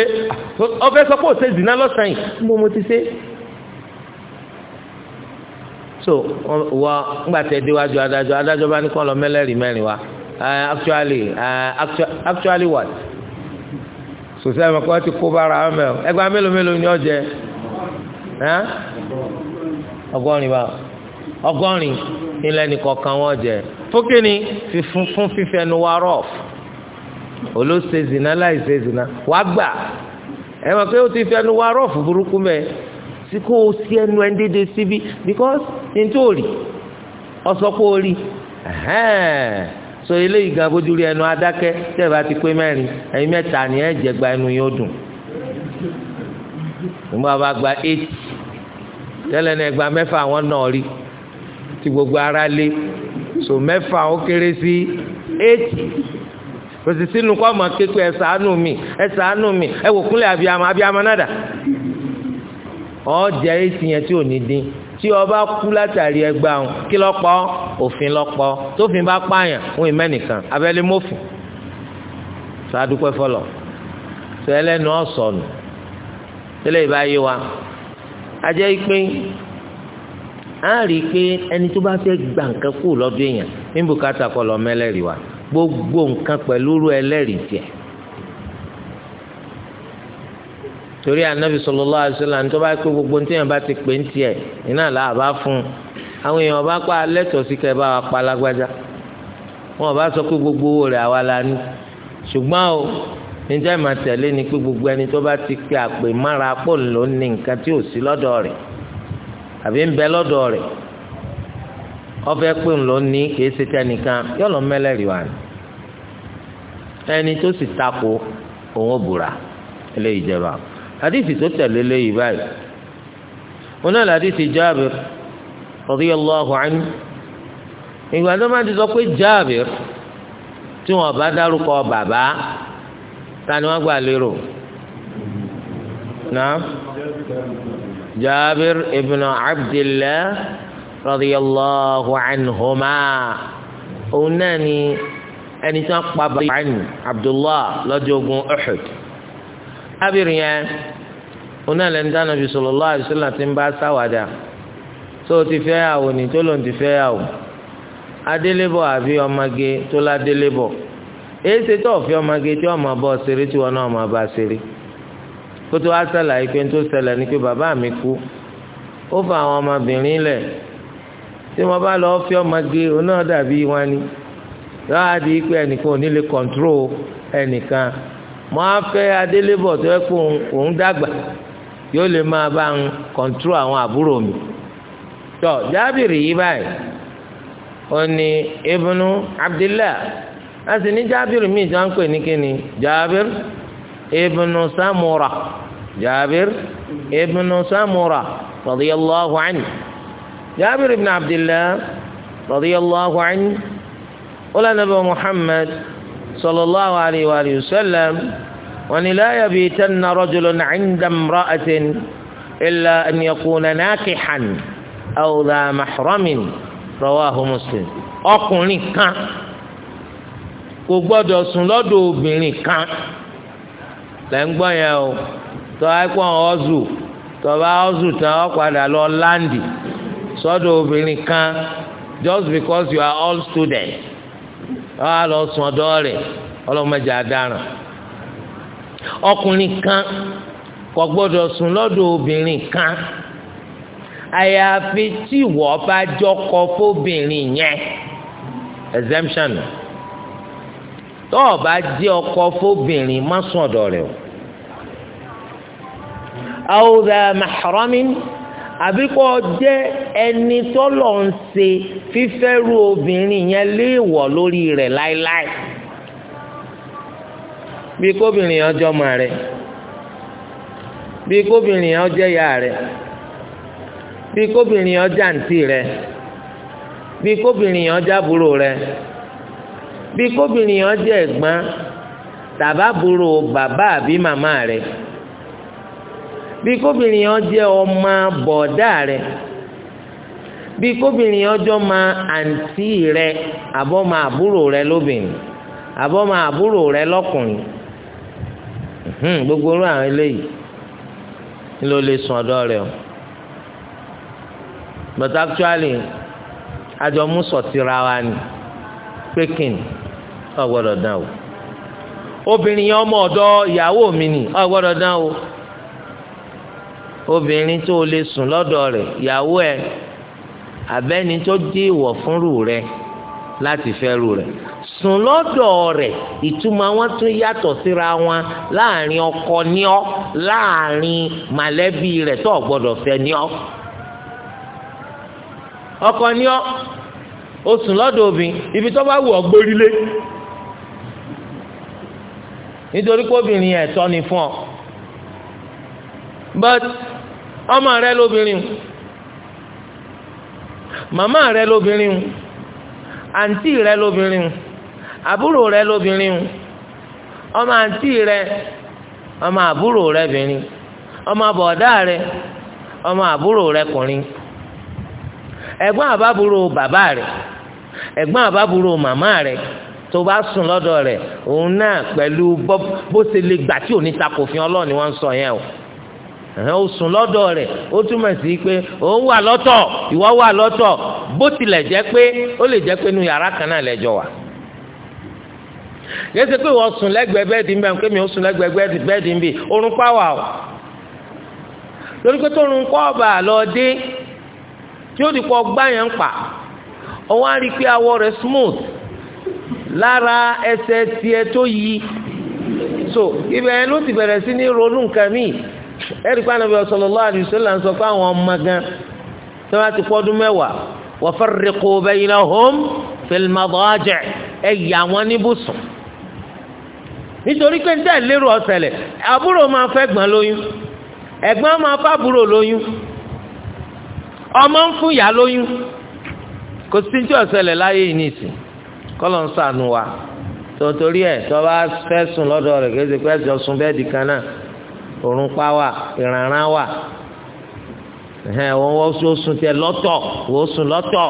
ọbẹ̀ zina lọ́sàn yìí mo mo ti ṣe so wọ ńgbà tẹ déwájú adájọ́ bá ní kọ́ lọ mẹ́rin wa actually what sòsẹ́ ẹ̀mọ́ kọ́ ti kó bára ọmọ ẹ̀ ẹgbàá mélòó mélòó ni ọ̀jẹ̀ ọgọ́rin wa ọgọ́rin ilẹ̀ nìkọ̀ọ̀kan wọn jẹ fókìní fífún wa rọf olóṣèzìnà láìṣèzìnà wàá gbà mọ̀ pé rọf burúkú sí kó o sí ẹnu because ń dédé síbí because nítorí ọ̀sọ́pọ̀ orí so eléyìí gan bójú rí ẹnu adákẹ́ tẹ́ ẹ bá ti pé mẹ́rin ẹ̀yin mẹ́ta ni ẹ̀ jẹ́ gba ẹnu yóò dùn nígbà bá gba eight tẹ́lẹ̀ náà gba mẹ́fà wọn náà rí tí gbogbo ara lé so mẹ́fà ó kéré sí eight kò sì sínú kọ́ ọmọ kékeré ẹ ṣàánú mi ẹ ṣàánú mi ẹ wò kúnlẹ̀ abiyamọ abiyamọ náà dà ọ̀ọ́dẹ èsì yẹn tí ò ní dín tí ọba kú látàrí ẹgbà ń kí lọ́pọ̀ òfin lọ́pọ̀ tófin bá pààyàn ń ìmẹ́ nìkan abẹ́lé mọ́fìn sàdúpẹ́ fọlọ́ sọ ẹlẹ́nu ọ̀sọ̀nù tẹ́lẹ̀ ìbáyé wa ajẹ́ pé a rí i pé ẹni tó bá fẹ́ gba nǹkan kú lọ́dún èèyàn ní bùkátà kọlọ̀ mẹ́lẹ́rìí wa gbogbo nǹkan pẹ̀lú rú ẹlẹ́rìí tiẹ̀ torí anabi sallallahu alaihi wasallam tó bá pé gbogbo ntí bá ti pè ń iná là bá fún àwọn èèyàn bá pa lẹ́tọ̀ọ́ sí kẹ́ bá wa pa lágbájá wọn bá sọ pé gbogbo owó rẹ̀ àwa la ní ṣùgbọ́n o níjẹ́ ìmọ̀ tẹ̀lé ni pé gbogbo ẹni tó bá ti pe àpè mára pò ló ní nǹkan tí ò sí lọ́dọ̀ rẹ̀ àbí ń bẹ lọ́dọ̀ rẹ̀ ọfẹ́ pè ló ní kìí ṣe tẹnìkan yọ̀lọ̀ ẹni tó sì takò òun ò hadithi tó tẹ̀lé léyìí báyìí wọn náà hadithi Jabir radiyallahu anhu ìgbà tó máa ti sọ pé Jabir tí wọn bá dárúkọ bàbá ta ni wọn gbà lérò náà Jabir ibn Abdillah radiyallahu anhuma òun náà ni ẹni tí wọn pa bàbá ni Abdullah lọ́jọ́ ogun Uhud. ábìrì yẹn onílẹ̀ ní dáná bíi sallallahu alaihi wasallam ti ń bá tó o ti fẹ́ ni tó lòun ti fẹ́ yàwó adélébọ̀ àbí ọmọge tó ládélébọ̀ èyí ṣe tó ọ̀fẹ́ ọmọge tí ọmọ bọ́ ṣeré tí wọn náà ọmọ bá ṣeré kótó wá sàlàyé pé tó ṣẹlẹ̀ ni pé bàbá mi kú ó fa àwọn ọmọbìnrin lẹ̀ tí wọ́n bá lọ́ọ́ fẹ́ ọmọge òun dàbí mo á fẹ́ adélébọ̀ tó yẹ kó òun dàgbà yóò lè máa bá ń kọ̀ǹtúrò àwọn àbúrò mi tọ́ jábìrì yìí báyìí ó ní ibùnú abdillah a sì ní jábìrì míì tó ń pè ní kíni jábìr ibùnú samura jábìr ibùnú samura radiyallahu anhu jábìrì ibùnú abdillah radiyallahu anhu ó lànà bá muhammad sallallahu alayhi wa sallam wọ́n ní la yabitanna rajulun 'inda imra'atin illa an yakuna nakihan aw dha mahramin rawahu muslim ọkùnrin kan kò gbọ́dọ̀ sùn lọ́dọ̀ obìnrin kan lẹ́ ń gbọ́ yẹn o tọ́ ẹ̀kọ́ ọ̀zù tọ́ba ọ̀zù tán ọ̀ padà lọ láǹdì sọ́dọ̀ obìnrin kan just because you are all students wàá lọ sùn ọ̀dọ̀ rẹ̀ ọlọ́mọdé adaràn ọkùnrin kan kò gbọ́dọ̀ sùn lọ́dọ̀ obìnrin kan àyàfi tí ìwọ bá jọkọ fóbìnrin yẹn exemption tó o bá jẹ́ ọkọ fóbìnrin má sùn ọ̀dọ̀ rẹ̀ o. àwùjọ mahramin. àbíkọ́ jẹ́ ẹni tọ́lọ̀ ń ṣe obìnrin yẹn léèwọ̀ lórí rẹ̀ láéláé bí kóbìnrin yẹn jọ ọmọ rẹ̀ bí kóbìnrin yẹn jẹ́ ìyá rẹ̀ bí kóbìnrin yẹn jẹ́ àǹtí rẹ, bí kóbìnrin yẹn jẹ́ àbúrò baba bí kóbìnrin yẹn bí kóbìnrin yẹn jẹ́ ọmọ bọ̀dá rẹ̀ bí kóbìnrin yẹn jọ ma àǹtí rẹ̀ àbọ̀ ma àbúrò rẹ̀ lóbìnrin àbọ̀ ma àbúrò rẹ̀ lọ́kùnrin gbogbo oru àwọn eléyìí ló lè sùn ọdọ rẹ o but actually àjọmúsọ̀tìra wa ni pékin ọ̀gbọ́dọ̀ dán o obìnrin yẹn ọmọ ọdọ ìyàwó mi ni ọ̀gbọ́dọ̀ dán o. obìnrin tó o lè sùn lọ́dọ̀ rẹ̀ ìyàwó ẹ̀ abẹ́ni tó dé ìwọ̀ fúnrù rẹ̀ láti fẹ́rù rẹ̀ sùn lọ́dọ̀ rẹ̀ ìtumọ̀ wọn tún yàtọ̀ síra wọn láàrin ọkọ ní ọ láàrin màlẹ́bí rẹ̀ tó o gbọ́dọ̀ fẹ́ ní ọ ọkọ ní ọ o sùn lọ́dọ̀ obìnrin ibi tó bá wù ọ́ gbórílé nítorí pé obìnrin ẹ̀tọ́ ni fún ọ but ọmọ rẹ lóbìnrin màmá rẹ lóbìnrin àǹtí rẹ lóbìnrin àbúrò rẹ lóbìnrin ọmọ àǹtí rẹ ọmọ àbúrò rẹ bìnrin ọmọ bọ̀dá rẹ ọmọ àbúrò rẹ kùnrin ẹ̀gbọ́n àbábúrò bàbá rẹ ẹ̀gbọ́n àbábúrò màmá rẹ tó bá sùn lọ́dọ̀ rẹ̀ òun náà pẹ̀lú bó ṣe lè gbà tí ò ní takòfin ọlọ́ọ̀ni wọ́n ń sọ yẹn o. ẹ̀hẹ́n ó sùn lọ́dọ̀ rẹ̀ ó túmọ̀ sí pé òun wà lọ́tọ̀ ìwọ wà lọ́tọ̀ bó tilẹ̀ jẹ́ pé ó lè jẹ́ pé inú yàrá kan náà lẹ́jọ́ wà pé sùn lẹ́gbẹ̀ẹ́ bẹ́ẹ̀dì ń bẹ̀ pé mi o lórí pé tó kọ́ ọ̀bà lọ dé tí ó awọ rẹ̀ smooth lára ẹsẹ̀ tiẹ̀ tó yí so ibẹ̀ ló ti bẹ̀rẹ̀ sí ní ronú ẹ̀rí pé anabi sallallahu alaihi wasallam ń sọ pé àwọn ọmọ gan tí wọ́n ti pọ́dún mẹ́wàá wa farriqu baynahum fil madaji' ẹ yà wọ́n níbùsùn nítorí pé níta ìlérò ọ̀sẹ̀lẹ̀ àbúrò máa fẹ́ gbọ́n lóyún ẹ̀gbọ́n máa fẹ́ àbúrò lóyún ọmọ ń fún ìyá lóyún kò sí tí ọ̀sẹ̀lẹ̀ láyé yìí nìsín kọ́lọ̀ ń sànù wa tòtòrí ẹ̀ tó bá fẹ́ sùn lọ́dọ̀ rẹ̀ kí ẹ òrùnpá wà ìrànràn wà ẹ̀hẹ́n wọn wọ́n sùn tiẹ̀ lọ́tọ̀ wọ́n sùn lọ́tọ̀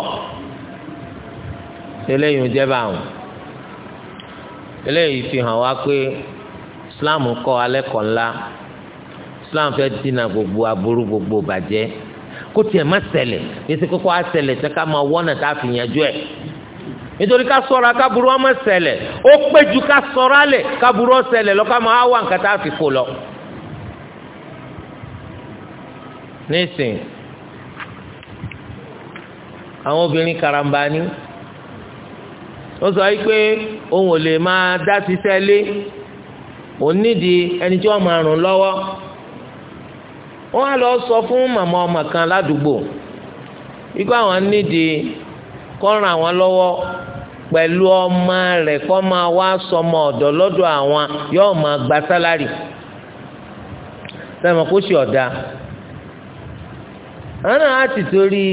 eléyìí ń jẹ́ báwọn eléyìí fi hàn wá pé Islam ńlá gbogbo aburú gbogbo bàjẹ́ kó tiẹ̀ má ṣẹlẹ̀ yẹtí kókó á ṣẹlẹ̀ tẹ́ ká máa wọ́nà tá a fi yanjú ẹ̀ nítorí ká ṣọ́ra káburú ọmọ ṣẹlẹ̀ ó péjú ká ṣọ́ra lẹ̀ káburú ọ̀ṣẹlẹ̀ lọ́ ká máa nǹkan tá a fi kó nísìn àwọn obìnrin karambani ó sọ wípé òun ò lè máa dá ṣiṣẹ́ lé òun nídìí ẹni tí wọ́n máa rùn sọ fún màmá ọmọ kan ládùúgbò àwọn nídìí kọ́ lọ́wọ́ pẹ̀lú ọmọ rẹ̀ kọ́ máa sọmọ ọ̀dọ̀ lọ́dọ̀ àwọn yóò máa gba sálárì àwọn náà á ti torí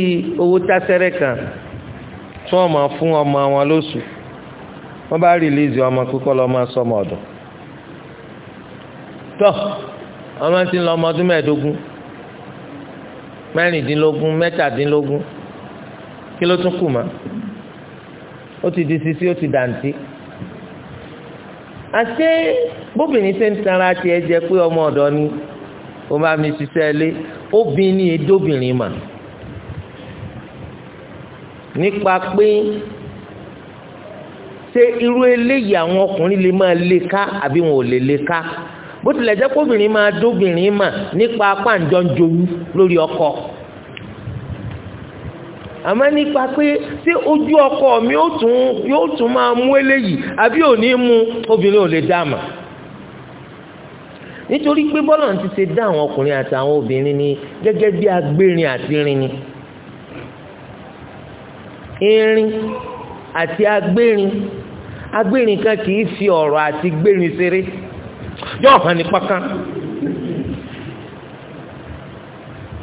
owó tásẹ́rẹ́ kan tí wọ́n máa fún ọmọ wọn lóṣù wọ́n bá rìlíìsì ọmọ kókó lọ́ máa sọmọ ọ̀dọ̀ tọ́ ọmọ ti ń lọ ọmọ ọdún mẹ́ẹ̀ẹ́dógún mẹ́rìndínlógún mẹ́tàdínlógún kí ló tún kù mọ́ ó ti di sisi ó ti dàǹtí àṣé bóbìnrin ṣe ń tanra tiẹ̀ e jẹ pé ọmọ ọ̀dọ́ ni ó máa mi ṣiṣẹ́ ilé obìnrin ni èdòbìnrin mà nípa pé ṣé irú eléyìí àwọn ọkùnrin lè máa lè ká àbí wọn ò lè lè ká bó tilẹ̀ jẹ́ kóbìnrin máa dóbìnrin mà nípa pàǹjọ́ ń jowú lórí ọkọ àmọ́ nípa pé tí ojú ọkọ mi yóò tún máa mú eléyìí àbí ò ní mú obìnrin ò lè dá mà nítorí pé bọ́lá ti ṣe dá àwọn ọkùnrin àti obìnrin ni gẹ́gẹ́ bí agbérin àti irin ni irin àti agbérin agbérin kan kì í fi ọ̀rọ̀ àti gbérin ṣeré yóò hàn ní pákán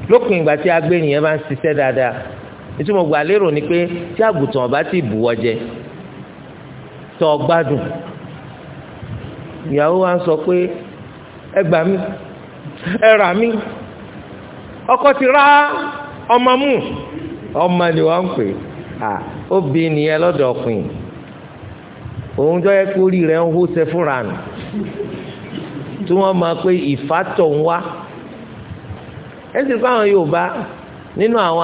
lópin ìgbà tí agbérin yẹn bá ń ṣiṣẹ́ dáadáa ìtumọ̀ gbà lérò ni pé tí àgùntàn ọba ti bùwọ́ jẹ tó gbádùn ìyàwó wa ń sọ pé ẹ mi, mí ẹ ọkọ ti ra ọmọ mú ọmọ ni wọ́n ń pè à obìnrin nìyẹn lọ́dọ̀ ọkùnrin òun jọ yẹ kó rí rẹ̀ ń hó ṣe fúnra nù tí wọ́n máa pé ìfàtọ̀ ń wá ẹ fáwọn Yorùbá nínú àwọn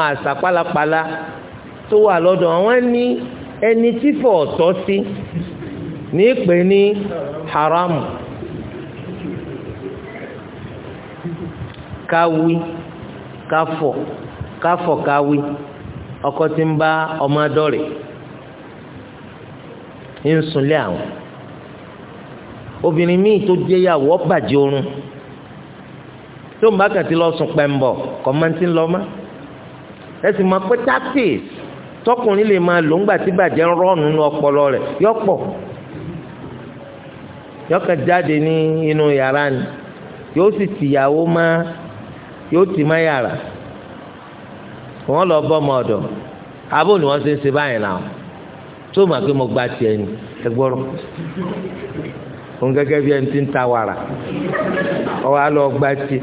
káwí kafọ kafọ ọkọ ti ń bá ọmọ dọ́rẹ̀ ń sunlé àwọn obìnrin míì tó jẹ́yàwó oorun tó lọ sùn pẹ̀mbọ̀ kọ́mọ́ntì lọ́mọ́ ẹ̀sìn máa pẹ́ tápìs tọkùnrin lè máa lò ńgbà tí bàjẹ́ ń rọ́ọ̀nù nínú ọpọlọ rẹ̀ yọ̀pọ̀ yọ̀kàn jáde ní inú yàrá ni yóò sì tìyàwó máa yóò tì má yàrá wọn lọ bọ ọmọ ni wọn ṣe ń ṣe báyìí náà tó mà pé mo gba tiẹ̀ ni ẹ gbọ́rọ̀ òun gẹ́gẹ́ bí ẹni tí ń ta wàrà ọwọ́ alọ́ gba tiẹ̀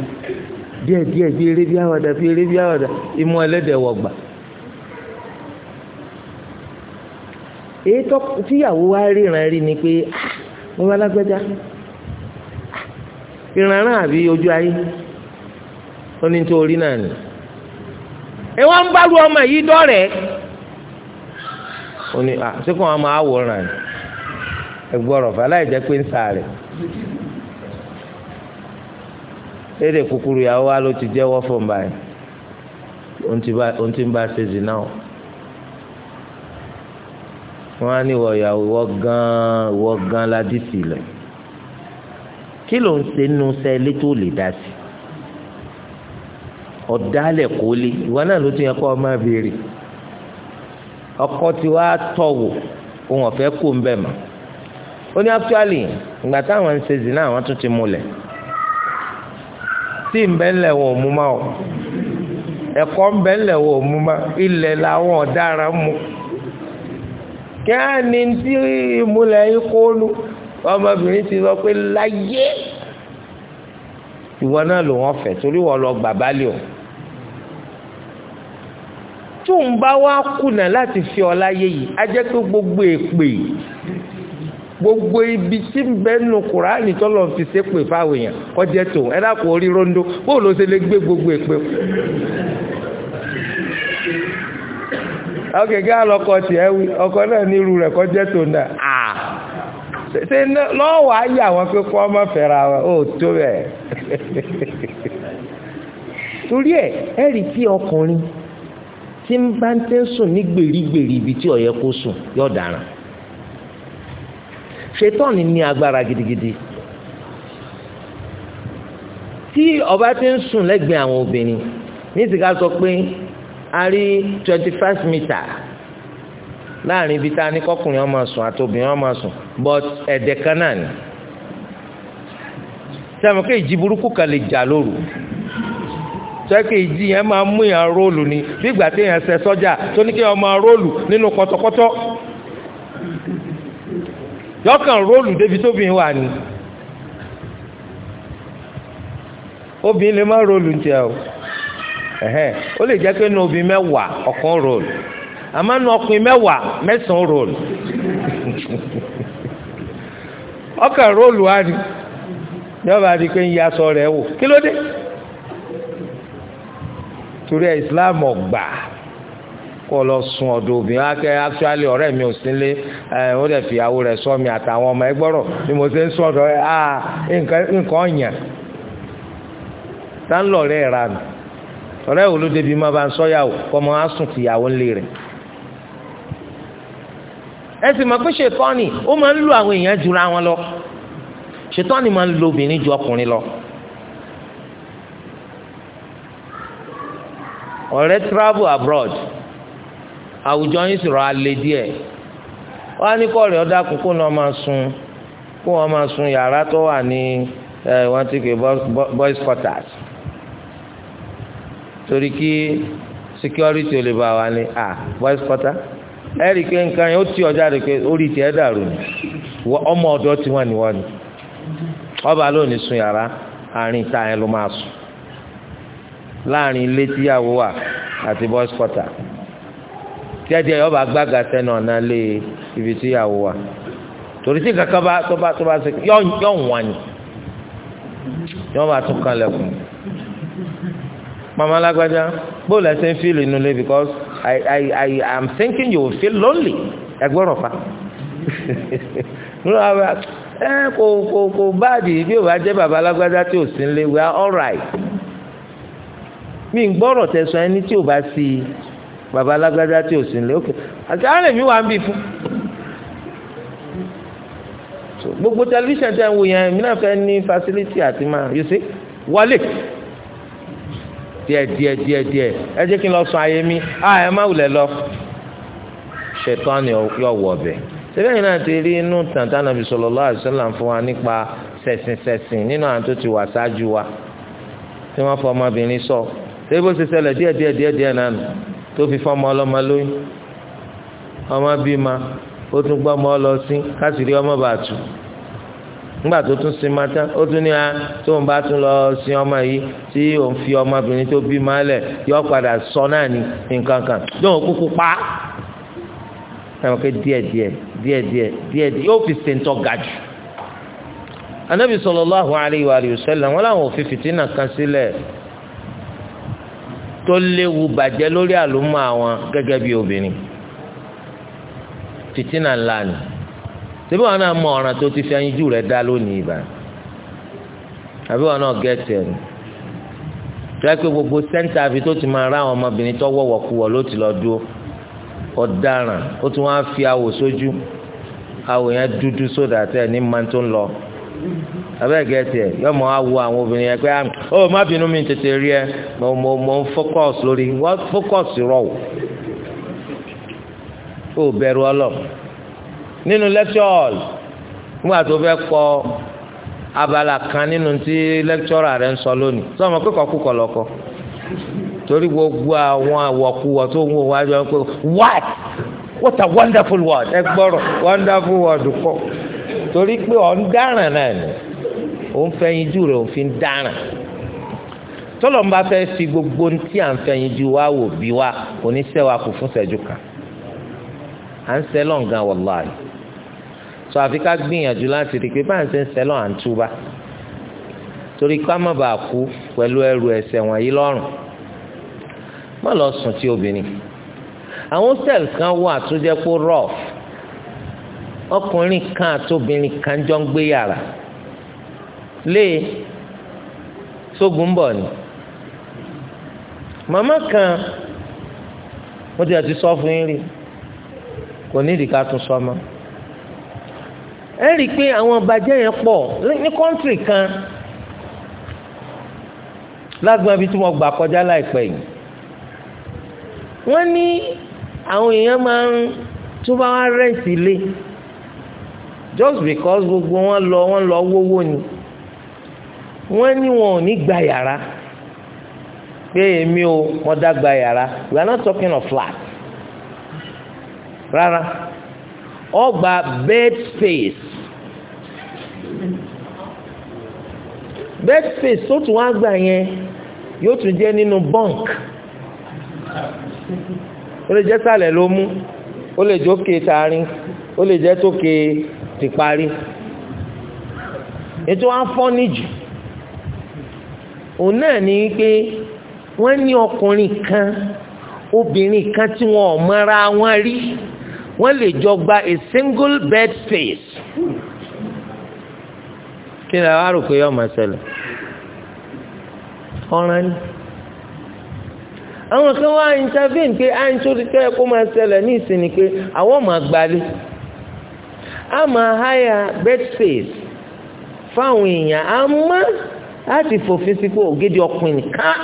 bí eré bí bí eré bí imú gbà. èyí tó tíyàwó ríran rí ni pé ah, mo bá ó ní nítorí náà ni ẹ wá ń bárú ọmọ yìí dọ́rẹ̀ẹ́ ó ní à ṣé kò wọn máa wòran ni ẹ gbọ́rọ̀ fà láì jẹ́ pé ń sa rẹ̀ lédè kúkúrú ìyàwó wa ló ti jẹ́wọ́ fún báyìí ohun tí ń bá ṣe zì náà wọn á ní ìwọ ìyàwó ìwọ gan ìwọ gan la dì sílẹ̀ kí ló ń ṣe nínú sẹ́ẹ̀lì tó lè dá sí ọ̀dálẹ̀ kólé ìwọ náà ló tún yẹ kó máa béèrè ọkọ tí wàá tọ̀wò òun ọ̀fẹ́ kó ń bẹ̀ mọ́ ó ní actually ìgbà táwọn ń ṣe zina àwọn tún ti múlẹ̀ tí ìbẹ́lẹ̀ wọn ò mú ma o ẹ̀kọ́ ìbẹ́lẹ̀ wọn ò mú ma ilẹ̀ làwọn ọ̀daràn mú kí á ní tí ìmúlẹ̀ yín kó ọmọbìnrin ti sọ pé láyé ìwọ náà ló wọn fẹ́ torí wọn lọ gbà bá o tóun bá wá kùnà láti fi ọlá yé yìí a jẹ́ pé gbogbo èpè gbogbo ibi tí ń bẹ nu kùránì tọ́lọ̀ fi ṣépè fáwọn èèyàn kọjá tòun ẹ dákun orí rondo bóun ló ṣe lè gbé gbogbo èpè àwọn kẹ̀kẹ́ alọ́kọ tì ẹ́ wí ọkọ náà ní irú rẹ̀ kọjá tòun náà à ṣe lọ́wọ́ ayé àwọn pé kọ́ ọmọ fẹ́ra wọn ó tó bẹ́ẹ̀ [LAUGHS] torí ẹ̀ ẹ̀rì tí ọkùnrin tí ń bá ń tẹ́ sùn ní gbèrígbèrí ibi tí ó yẹ kó sùn yóò dáràn ṣètọ́ni ní agbára gidigidi tí ọba ti ń sùn lẹ́gbẹ̀ẹ́ àwọn obìnrin ní ìsìká sọ pé a rí twenty five mita láàrin ibi tá a ní kọkùnrin ọmọ sùn àti obìnrin ọmọ sùn but ẹ̀dẹ̀ kan náà ni sẹ́mi pé ìjì burúkú kan lè jà lóru. sẹ́kì ìjì yẹn máa mú yàn róòlù ni bí ìgbà tí yẹn ṣe sọ́jà tó ní kí yẹn máa róòlù nínú kọ́tọ́kọ́tọ́ yọkàn róòlù débi tóbi wà ní obìnrin lè má róòlù ń o ó lè jẹ́ pé nu obìnrin mẹ́wàá ọ̀kan róòlù àmọ́ nu ọkùnrin mẹ́wàá mẹ́sàn-án róòlù [LAUGHS] ọkàn róòlù wà ní yọba rẹ̀ torí ẹ islam ọgbà kó lọ sun ọ̀dọ̀ obìnrin akẹ actually ọ̀rẹ́ mi ò sílé ẹ ó dẹ fìyàwó rẹ̀ sọ mi àtàwọn ọmọ ẹgbọrọ ni mo ṣe ń sọ ọ̀dọ̀ ẹ ah nǹkan ọyàn tá ń lọ ọ̀rẹ́ ra nù ọ̀rẹ́ wo ló débi má bá ń sọyàwó kọmọ á sùn tìyàwó ńlé rẹ̀ ẹ sì mọ̀ pé ṣètọ́ni ó máa ń lo àwọn èèyàn jura wọn lọ ṣètọ́ni máa ń lo obìnrin ju ọkùnrin lọ. ọ̀rẹ́ travel abroad àwùjọ yín sọ̀rọ̀ alẹ́ díẹ̀ wọ́n á ní kọ́ọ̀rẹ́ ọ̀dà kúkú náà máa sun kó wọ́n máa sun yàrá tó wà ní wọ́n ti pè boys quarters torí kí security ò lè bá wa ní à boys quarters ẹ rí oti pé nǹkan yẹn ó ti ọjà rẹ pé orí tiẹ̀ dàrú ni ọmọ ọ̀dọ́ ni wọ́n ni ọba lónìí sun yàrá àárín ìta yẹn ló máa sùn láàrin ilé tíyàwó wà àti boys quarter díẹ̀díẹ̀ yọba gbága sẹ́nu ọ̀nà lé ibi tíyàwó wà torí tí kankan bá tó bá tó bá ṣe yọ wọ́n ni yọ́n bá tún kanlẹ̀kùn mama lágbájá bóòlù ẹsẹ̀ ń feel inú because I I I am thinking you will feel lonely ẹgbọ́rọ̀ fa ẹ eh, kò kò kò báàdì bí o bá jẹ́ bàbá lágbájá tí o sì ń lé we are all right mi ń gbọ́rọ̀ tẹ̀sán ẹni tí ò bá sí i bàbá alágbádá tí ò sí nílé òkè àti àárẹ̀ mi wà ń bì fún. gbogbo tẹlifíṣàn tẹ̀ ń wò yẹn mi náà fẹ́ ní fásilítì àti máa yóò ṣe wọlé díẹ̀ díẹ̀ díẹ̀ díẹ̀ ẹ jẹ́ kí n lọ sùn ayé mi a ẹ má wulẹ̀ lọ ṣètò yọ wọ ọbẹ̀ sẹ́fẹ̀ náà ti rí inú tàǹtà nàbì sallallahu alaihi wasallam fún wa nípa sẹ̀sìn sẹ̀sìn nínú àwọn tó ti wà ṣáájú wa tí wọ́n fọ ọmọbìnrin sọ. So ṣé bó ṣe ṣẹlẹ̀ díẹ̀ díẹ̀ díẹ̀ díẹ̀ nánu tó fi fọmọ ọlọ́mọ lóyún ọmọ bímọ ó tún gbọ́ ọmọ lọ sí mata ọmọ bàtú nígbà tó tún sin máa tán ó tún ní a tó ń bá tún lọ sin ọmọ yìí fi ọmọbìnrin tó bí máa lẹ̀ yọ padà sọ náà ní nǹkan kan lóun kúkú pa á ẹ̀wọ̀n pé díẹ̀ díẹ̀ díẹ̀ díẹ̀ díẹ̀ díẹ̀ yóò fi ṣe ń tọ́ ga jù wọn làwọn kan sílẹ̀ tó léwu bàjẹ́ lórí àlùmọ́ àwọn gẹ́gẹ́ bí obìnrin fìtínà ńlá ni síbí wọn náà mọ ọ̀ràn tó ti fi ẹyinjú rẹ̀ dá lónìí ibà àbí wọn náà gẹ̀ẹ́tì ẹ̀ tẹ́kẹ́ gbogbo sẹ́ńtà àfi tó ti máa rá àwọn ọmọbìnrin tó wọ̀wọ̀ kú wọ̀ ló ti lọ dúró ọ̀daràn ó tún wá fi awò sójú awò yẹn dúdú sódà tẹ́ ẹ̀ ní máa tó ń lọ abẹ́ gẹ̀ẹ́tì ẹ̀ yọ mọ awo àwọn obìnrin yẹn pé ọ ah, má bínú mi tètè rí ẹ mo mo mo ń fọ́kọ̀sì lórí wọ́n fọ́kọ̀sì rọ̀ wò ó bẹ̀rù ọlọ́ nínú lẹ́kṣọ̀l nígbà tó fẹ́ kọ abala kan nínú tí lẹ́kṣọ̀rà rẹ̀ ń sọ lónìí sọmọ pé kọkúkọ lọkọ torí gbogbo àwọn àwọ̀kuwọ̀ tó ń wò wájú ẹ pé what what a wonderful word ẹ gbọ́rọ̀ wonderful word kọ́ torí pé ọ̀ ń dáràn náà ni òun fẹ́yìn jù rẹ̀ òun fi ń dáràn tọ́lọ̀ ń bá fẹ́ fi gbogbo tí à ń fẹ́yìn jù wá wò bí wá kò ní sẹ́wà kò fún sẹ́jú kan à ń sẹ́lọ̀ gan wàláì sọ àfi ká gbìyànjú láti rí i pé bá ń ṣe ń sẹ́lọ̀ à ń túbà torí ká má bàa kú pẹ̀lú ẹrù ẹ̀ṣẹ̀ wọ̀nyí lọ́rùn má lọ sùn tí obìnrin àwọn hostels kan wà tó jẹ́ pé rough ọkùnrin kan àtòbìnrin kan jọ ń gbé yàrá lé sógun bọ̀ ni màmá kan mo ti àti sọ fún yín rí kò ní ìdí ká tún sọ mọ́ ẹ rí i pé àwọn bàjẹ́ yẹn pọ̀ ní kọ́ńtìrì kan lágbọn ibi tí wọ́n gbà kọjá láìpẹ́ yìí wọ́n ní àwọn èèyàn máa ń tún bá wá rẹ́ǹtì ilé just because gbogbo wọn lọ wọn lọ wówó ni wọ́n ní wọn ò ní gba yàrá pé èmi o wọ́n dá gba yàrá we are not talking of flat rárá ọgbà bed space bed space tó tún wá gbà yẹn yóò tún jẹ́ nínú bunk ó lè jẹ́ sàlẹ̀ ló mú ó lè jókè taarin ó lè jẹ́ tókè ti parí ètò afọ́ni jù òun náà ní pé wọ́n ní ọkùnrin kan obìnrin kan tí wọn ò wọn rí wọ́n lè jọ gba a single bed space kí ni àwọn àròkọ yóò máa ṣẹlẹ̀ ọ̀ràn ni àwọn kan wá intervene pé à ah, ń tó ti tẹ́ ẹ kó máa ṣẹlẹ̀ ní ìsìn ni pé àwọn máa gbalẹ̀. ama haya bed space fáwọn èèyàn àmọ́ láti fòfin sí ògidì ọkùnrin nìkan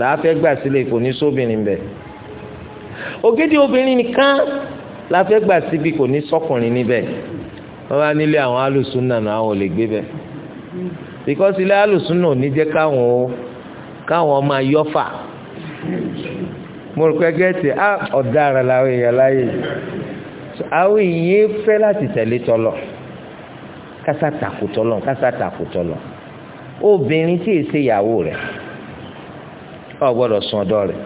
làá fẹ́ gbà sílé kò ní sóbìnrin bẹ̀ ògidì obìnrin nìkan làá fẹ́ gbà síbi kò ní sọkùnrin níbẹ̀ wọ́n bá nílé àwọn alùsùn nànà àwọn ò lè gbé bẹ̀ because ilé alùsùn náà ò ní jẹ́ káwọn ó káwọn mo rò pé gẹ́tì ọ̀daràn làwọn èèyàn láyè yìí. àwọn èèyàn fẹ́ láti tẹ̀lé tọlọ kásá takò tọlọ kásá takò tọlọ obìnrin tí èsè ìyàwó rẹ ọ gbọ́dọ̀ sùn ọ̀dọ̀ rẹ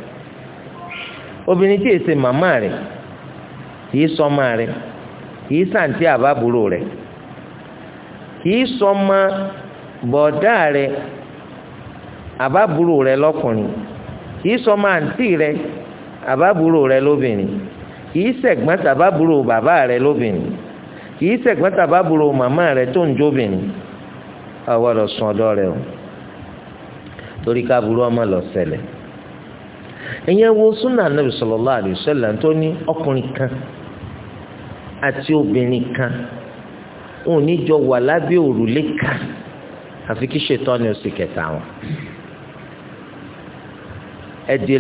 obìnrin tí èsè màmá rẹ kìí sọmọ rẹ kìí sàǹtí àbábúrò rẹ kìí sọmọ bọ̀dá rẹ àbábúrò rẹ lọ́kùnrin kìí sọmọ àǹtí rẹ àbábúrò rẹ lóbìnrin kìí ṣẹ̀gbọ́n tàbábùrò bàbá rẹ lóbìnrin kìí ṣẹ̀gbọ́n tàbábùrò màmá rẹ tó ń jóbìnrin ọwọ́dọ̀ sùn rẹ o torí ká burú ọmọ lọ ṣẹlẹ̀ ìyẹn wo súnà nàbì sallallahu alaihi wasallam tó ní ọkùnrin kan àti obìnrin kan ò ní jọ wà lábẹ́ òrùlé kan àfi kí ṣètọ́ ni o sì kẹta wọn ẹ di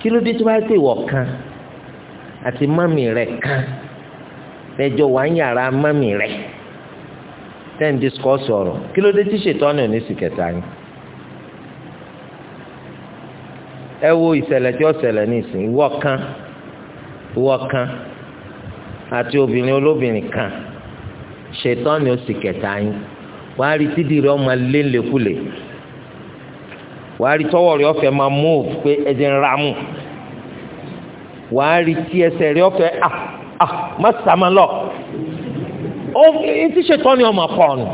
kí ló dé tó bá ṣe ìwọ kan àti mọ́mì rẹ̀ kan lẹ́jọ́ wà ń yàrá mọ́mì rẹ̀ ten discuss ọ̀rọ̀ kí ló dé tí ṣètọ́nù ní sìkẹta yín ẹ wo ìṣẹ̀lẹ̀ tí ó ṣẹlẹ̀ ní ìsìn ìwọ kan ìwọ kan àti obìnrin olóbìnrin kan ṣètọ́nù ó sìkẹta yín wàá rí tídìí rẹ̀ ọmọ lélẹ̀kulè. wàá rí tọ́wọ́ rẹ ọ̀fẹ́ máa move pé ẹ̀jẹ̀ ń ra mú ẹsẹ̀ rẹ ah ah má sàmà lọ ó ti ṣètọ́ ni ọmọ pọ̀ nù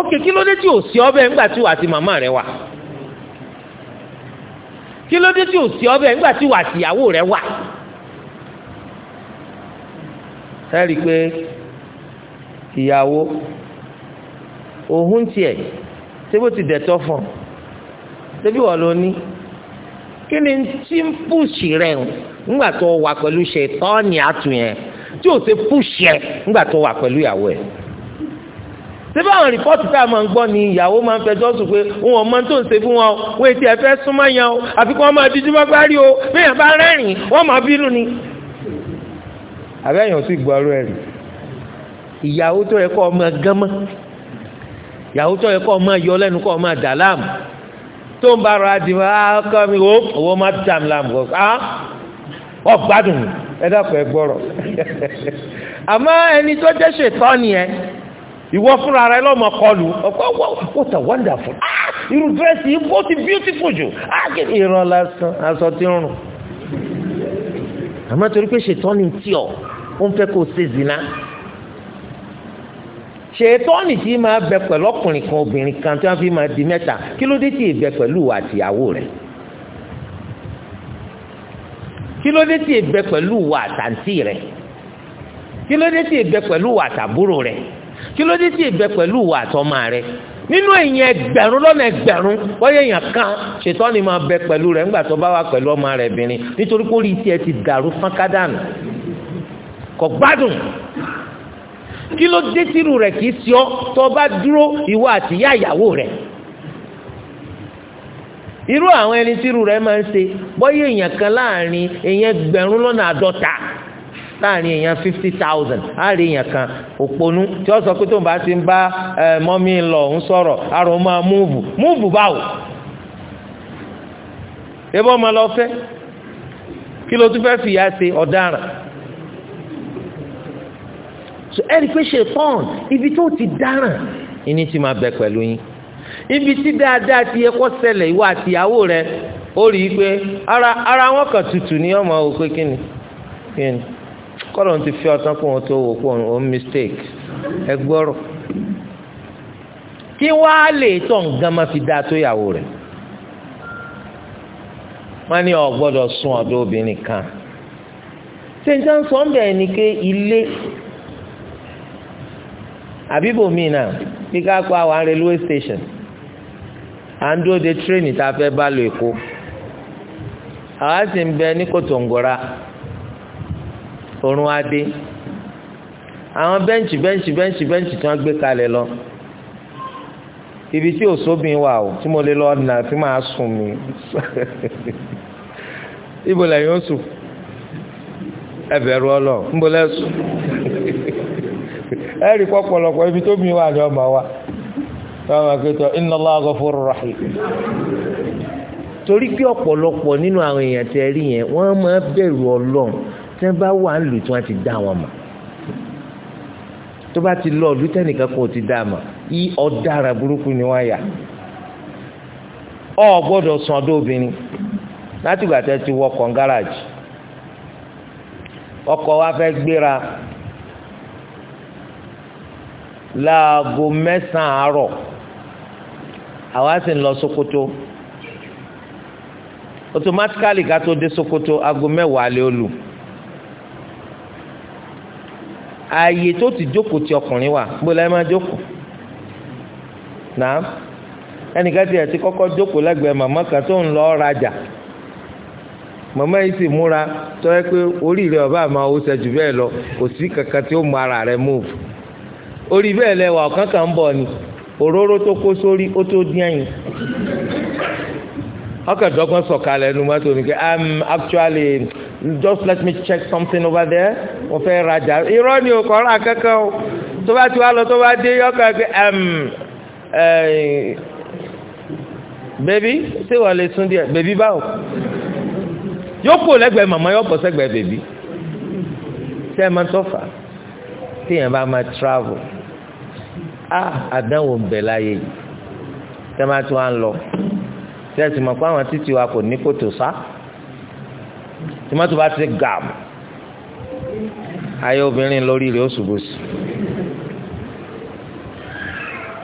ókè kí ló dé tí ò sí ọbẹ̀ ńgbà tí wà ti màmá rẹ wà kí ló dé tí ò sí ńgbà tí sebo ti dẹ̀tọ́ fún ṣebí wọ́n ló ní kí ni tí ń pùṣì rẹ̀ ńgbà tó wà pẹ̀lú ṣe tọ́ọ̀nì àtún yẹn tí ò ṣe pùṣì ẹ̀ ńgbà tó wà pẹ̀lú ìyàwó ẹ̀ sebo àwọn rìpọ́tù tá a máa ń gbọ́ ni ìyàwó máa ń fẹjọ́ sùn pé òun ọmọ tó ń ṣe fún wọn wọ́n ti ẹ̀fẹ́ súnmọ́ yẹn o àfi kí wọ́n máa dídú bá parí o bẹ́ẹ̀ bá rẹ́rìn wọ́n máa bínú ni. àbẹ́yẹn ò sì gbọ́ ọ̀rọ̀ ẹ̀rì ìyàwó tó yẹ kó ọmọ gánmọ́ yàwó tó yẹ kọ́ ọ máa yọ lẹ́nu kọ́ ọ máa dà láàmú tó ń bára di wá ah, kọ́ mi wò oh, owó má dà mí láàmú kọ́ ah, á ọ gbádùn ẹ dákọ̀ ẹ gbọ́rọ̀ [LAUGHS] àmọ́ ẹni tó jẹ́ ṣètọ́ nìyẹn ìwọ fúnra rẹ lọ́mọ kọlù ọ̀pọ̀ what a wonderful ah irú dírẹ́sì yìí bó ti beautiful jù ah kí ìran lásán aṣọ ti ń rùn àmọ́ torí pé ṣètọ́ ni tí ọ̀ ó ń fẹ́ kó o ṣe zina ṣètọ́nì tí máa bẹ pẹ̀lú ọkùnrin kan obìnrin kan tí wọ́n fi máa di mẹ́ta kí ló dé tí ìbẹ pẹ̀lú àtìyàwó rẹ̀ kí ló dé tí ìbẹ pẹ̀lú wà àtàǹtì rẹ̀ kí ló dé tí ìbẹ pẹ̀lú wà àtàbúrò rẹ̀ kí ló dé tí ìbẹ pẹ̀lú wà àtọ́mà rẹ̀ nínú èèyàn ẹgbẹ̀rún lọ́nà ẹgbẹ̀rún wọ́yẹ̀ èèyàn kan ṣètọ́nì máa bẹ pẹ̀lú rẹ̀ ńgbà tó bá wà pẹ̀lú ọmọ rẹ̀ bìnrin nítorí kó rí tiẹ̀ ti dàrú fánkádànù kò kí ló dé tìrù rẹ̀ kì í sí ọ tó bá dúró ìwọ àti ìyá ìyàwó rẹ̀ irú àwọn ẹni tìrù rẹ̀ máa ń ṣe bọ́yé èèyàn kan láàrin èèyàn gbẹ̀rún lọ́nà àádọ́ta láàrin èèyàn fifty thousand láàrin èèyàn kan òpònú tí ọ sọ pé tó ti ń bá mọ́mí lọ ń sọ̀rọ̀ àrò máa múùbù múùbù báwò ebí lọ fẹ́ kí ló tún fẹ́ fìyà ṣe so ẹ̀rí pé ṣetán ibi tó ti dáràn ìní ti máa bẹ pẹ̀lú yín ibi tí dáadáa ti yẹ kó ṣẹlẹ̀ àtìyàwó rẹ ó rí i pé ara ara wọn kàn tutù ní ọmọ wò pé kíni kíni kọ́lọ̀ ti fi ọtán kó wọn tó wò pé òun mistake ẹ gbọ́rọ̀ kí wàá lè tọ̀ nǹkan máa fi dáa tó ìyàwó rẹ̀ wọ́n ní ọ̀ gbọ́dọ̀ sún ọ̀dọ̀ obìnrin kan ṣé ń sọ ń bẹ̀ ni pé ilé àbíbò míì náà bí ká pa àwọn railway station à ń dúró de tírèènì tá a fẹ́ bá lọ Èkó àwa sì ń bẹ ní Kòtòǹgòrà òrùn adé àwọn bẹ́ǹchì bẹ́ǹchì bẹ́ǹchì bẹ́ǹchì tí wọ́n gbé kalẹ̀ lọ ibi tí òṣòbìn wà o tí mo lè lọ nà tí màá sùn mí [LAUGHS] ibo lẹ́yìn oṣù ẹ̀bẹ̀rù ọlọ́ ń bo lẹ́sùn. ẹ̀rí pọ̀pọ̀lọpọ̀ ibi tó mi wà ní ọmọ wa ọmọ akẹ́tọ̀ inna Allaha ghafurur rahim torí pé ọ̀pọ̀lọpọ̀ nínú àwọn èèyàn tẹ rí yẹn wọ́n máa bẹ̀rù ọlọ́run tẹ́ bá wà ń lù tí wọ́n ti dá wọn mọ̀ tó bá ti lọ ọdún tẹ́nìkan kò ti dá mọ̀ yí ọ̀daràn burúkú ni wọ́n yà ọ gbọ́dọ̀ sàn ọdún obìnrin látìgbà tẹ́ ti wọkọ̀ ń gáràjì ọkọ̀ wa fẹ́ gbéra láago mẹ́sàn-án àárọ̀ àwa sì ń lọ Sokoto automatically ká tó dé Sokoto aago mẹ́wàá lé olù ààyè tó ti jókòó ti ọkùnrin wà gbọ́dọ̀ ẹ máa jókòó náà ẹnìkan tiẹ̀ ti kọ́kọ́ jókòó lẹ́gbẹ̀ẹ́ màmá kan tó ń lọ rajà màmá yìí sì múra tó yẹ pé orí rẹ̀ ọba àmà ó ṣẹ́jú bẹ́ẹ̀ lọ kò sí kankan tí ó mú ara rẹ̀ múùfù orí bẹ́ẹ̀ lẹ́wà ọ̀kan ń bọ̀ ni òróró tó kó sórí ó tó dín ẹ̀yìn ọkọ̀ sọ̀kalẹ̀ ẹnu mọ́tò ní kí i'm actually just let me check something over there mo fẹ́ rajà irọ́ ni o kọ́ kankan o tó bá ti wá lọ tó bá dé ọkọ̀ ẹgbẹ́ bẹ́bí ṣé wọ́n lè sún díẹ̀ bẹ́bí báwo yóò kó lẹ́gbẹ̀ẹ́ màmá yóò bọ̀ sẹ́gbẹ̀ẹ́ bẹ́bí tẹ́ ẹ máa tọ́fà téèyàn bá máa travel Ah ń bẹ láyé yìí tẹ́lá tí wọ́n á lọ tẹ́sí mọ̀ pé àwọn títì wa kò ní kòtò sá tòmátò bá ti gàm ayé obìnrin lórí rẹ̀ ó ṣubú sí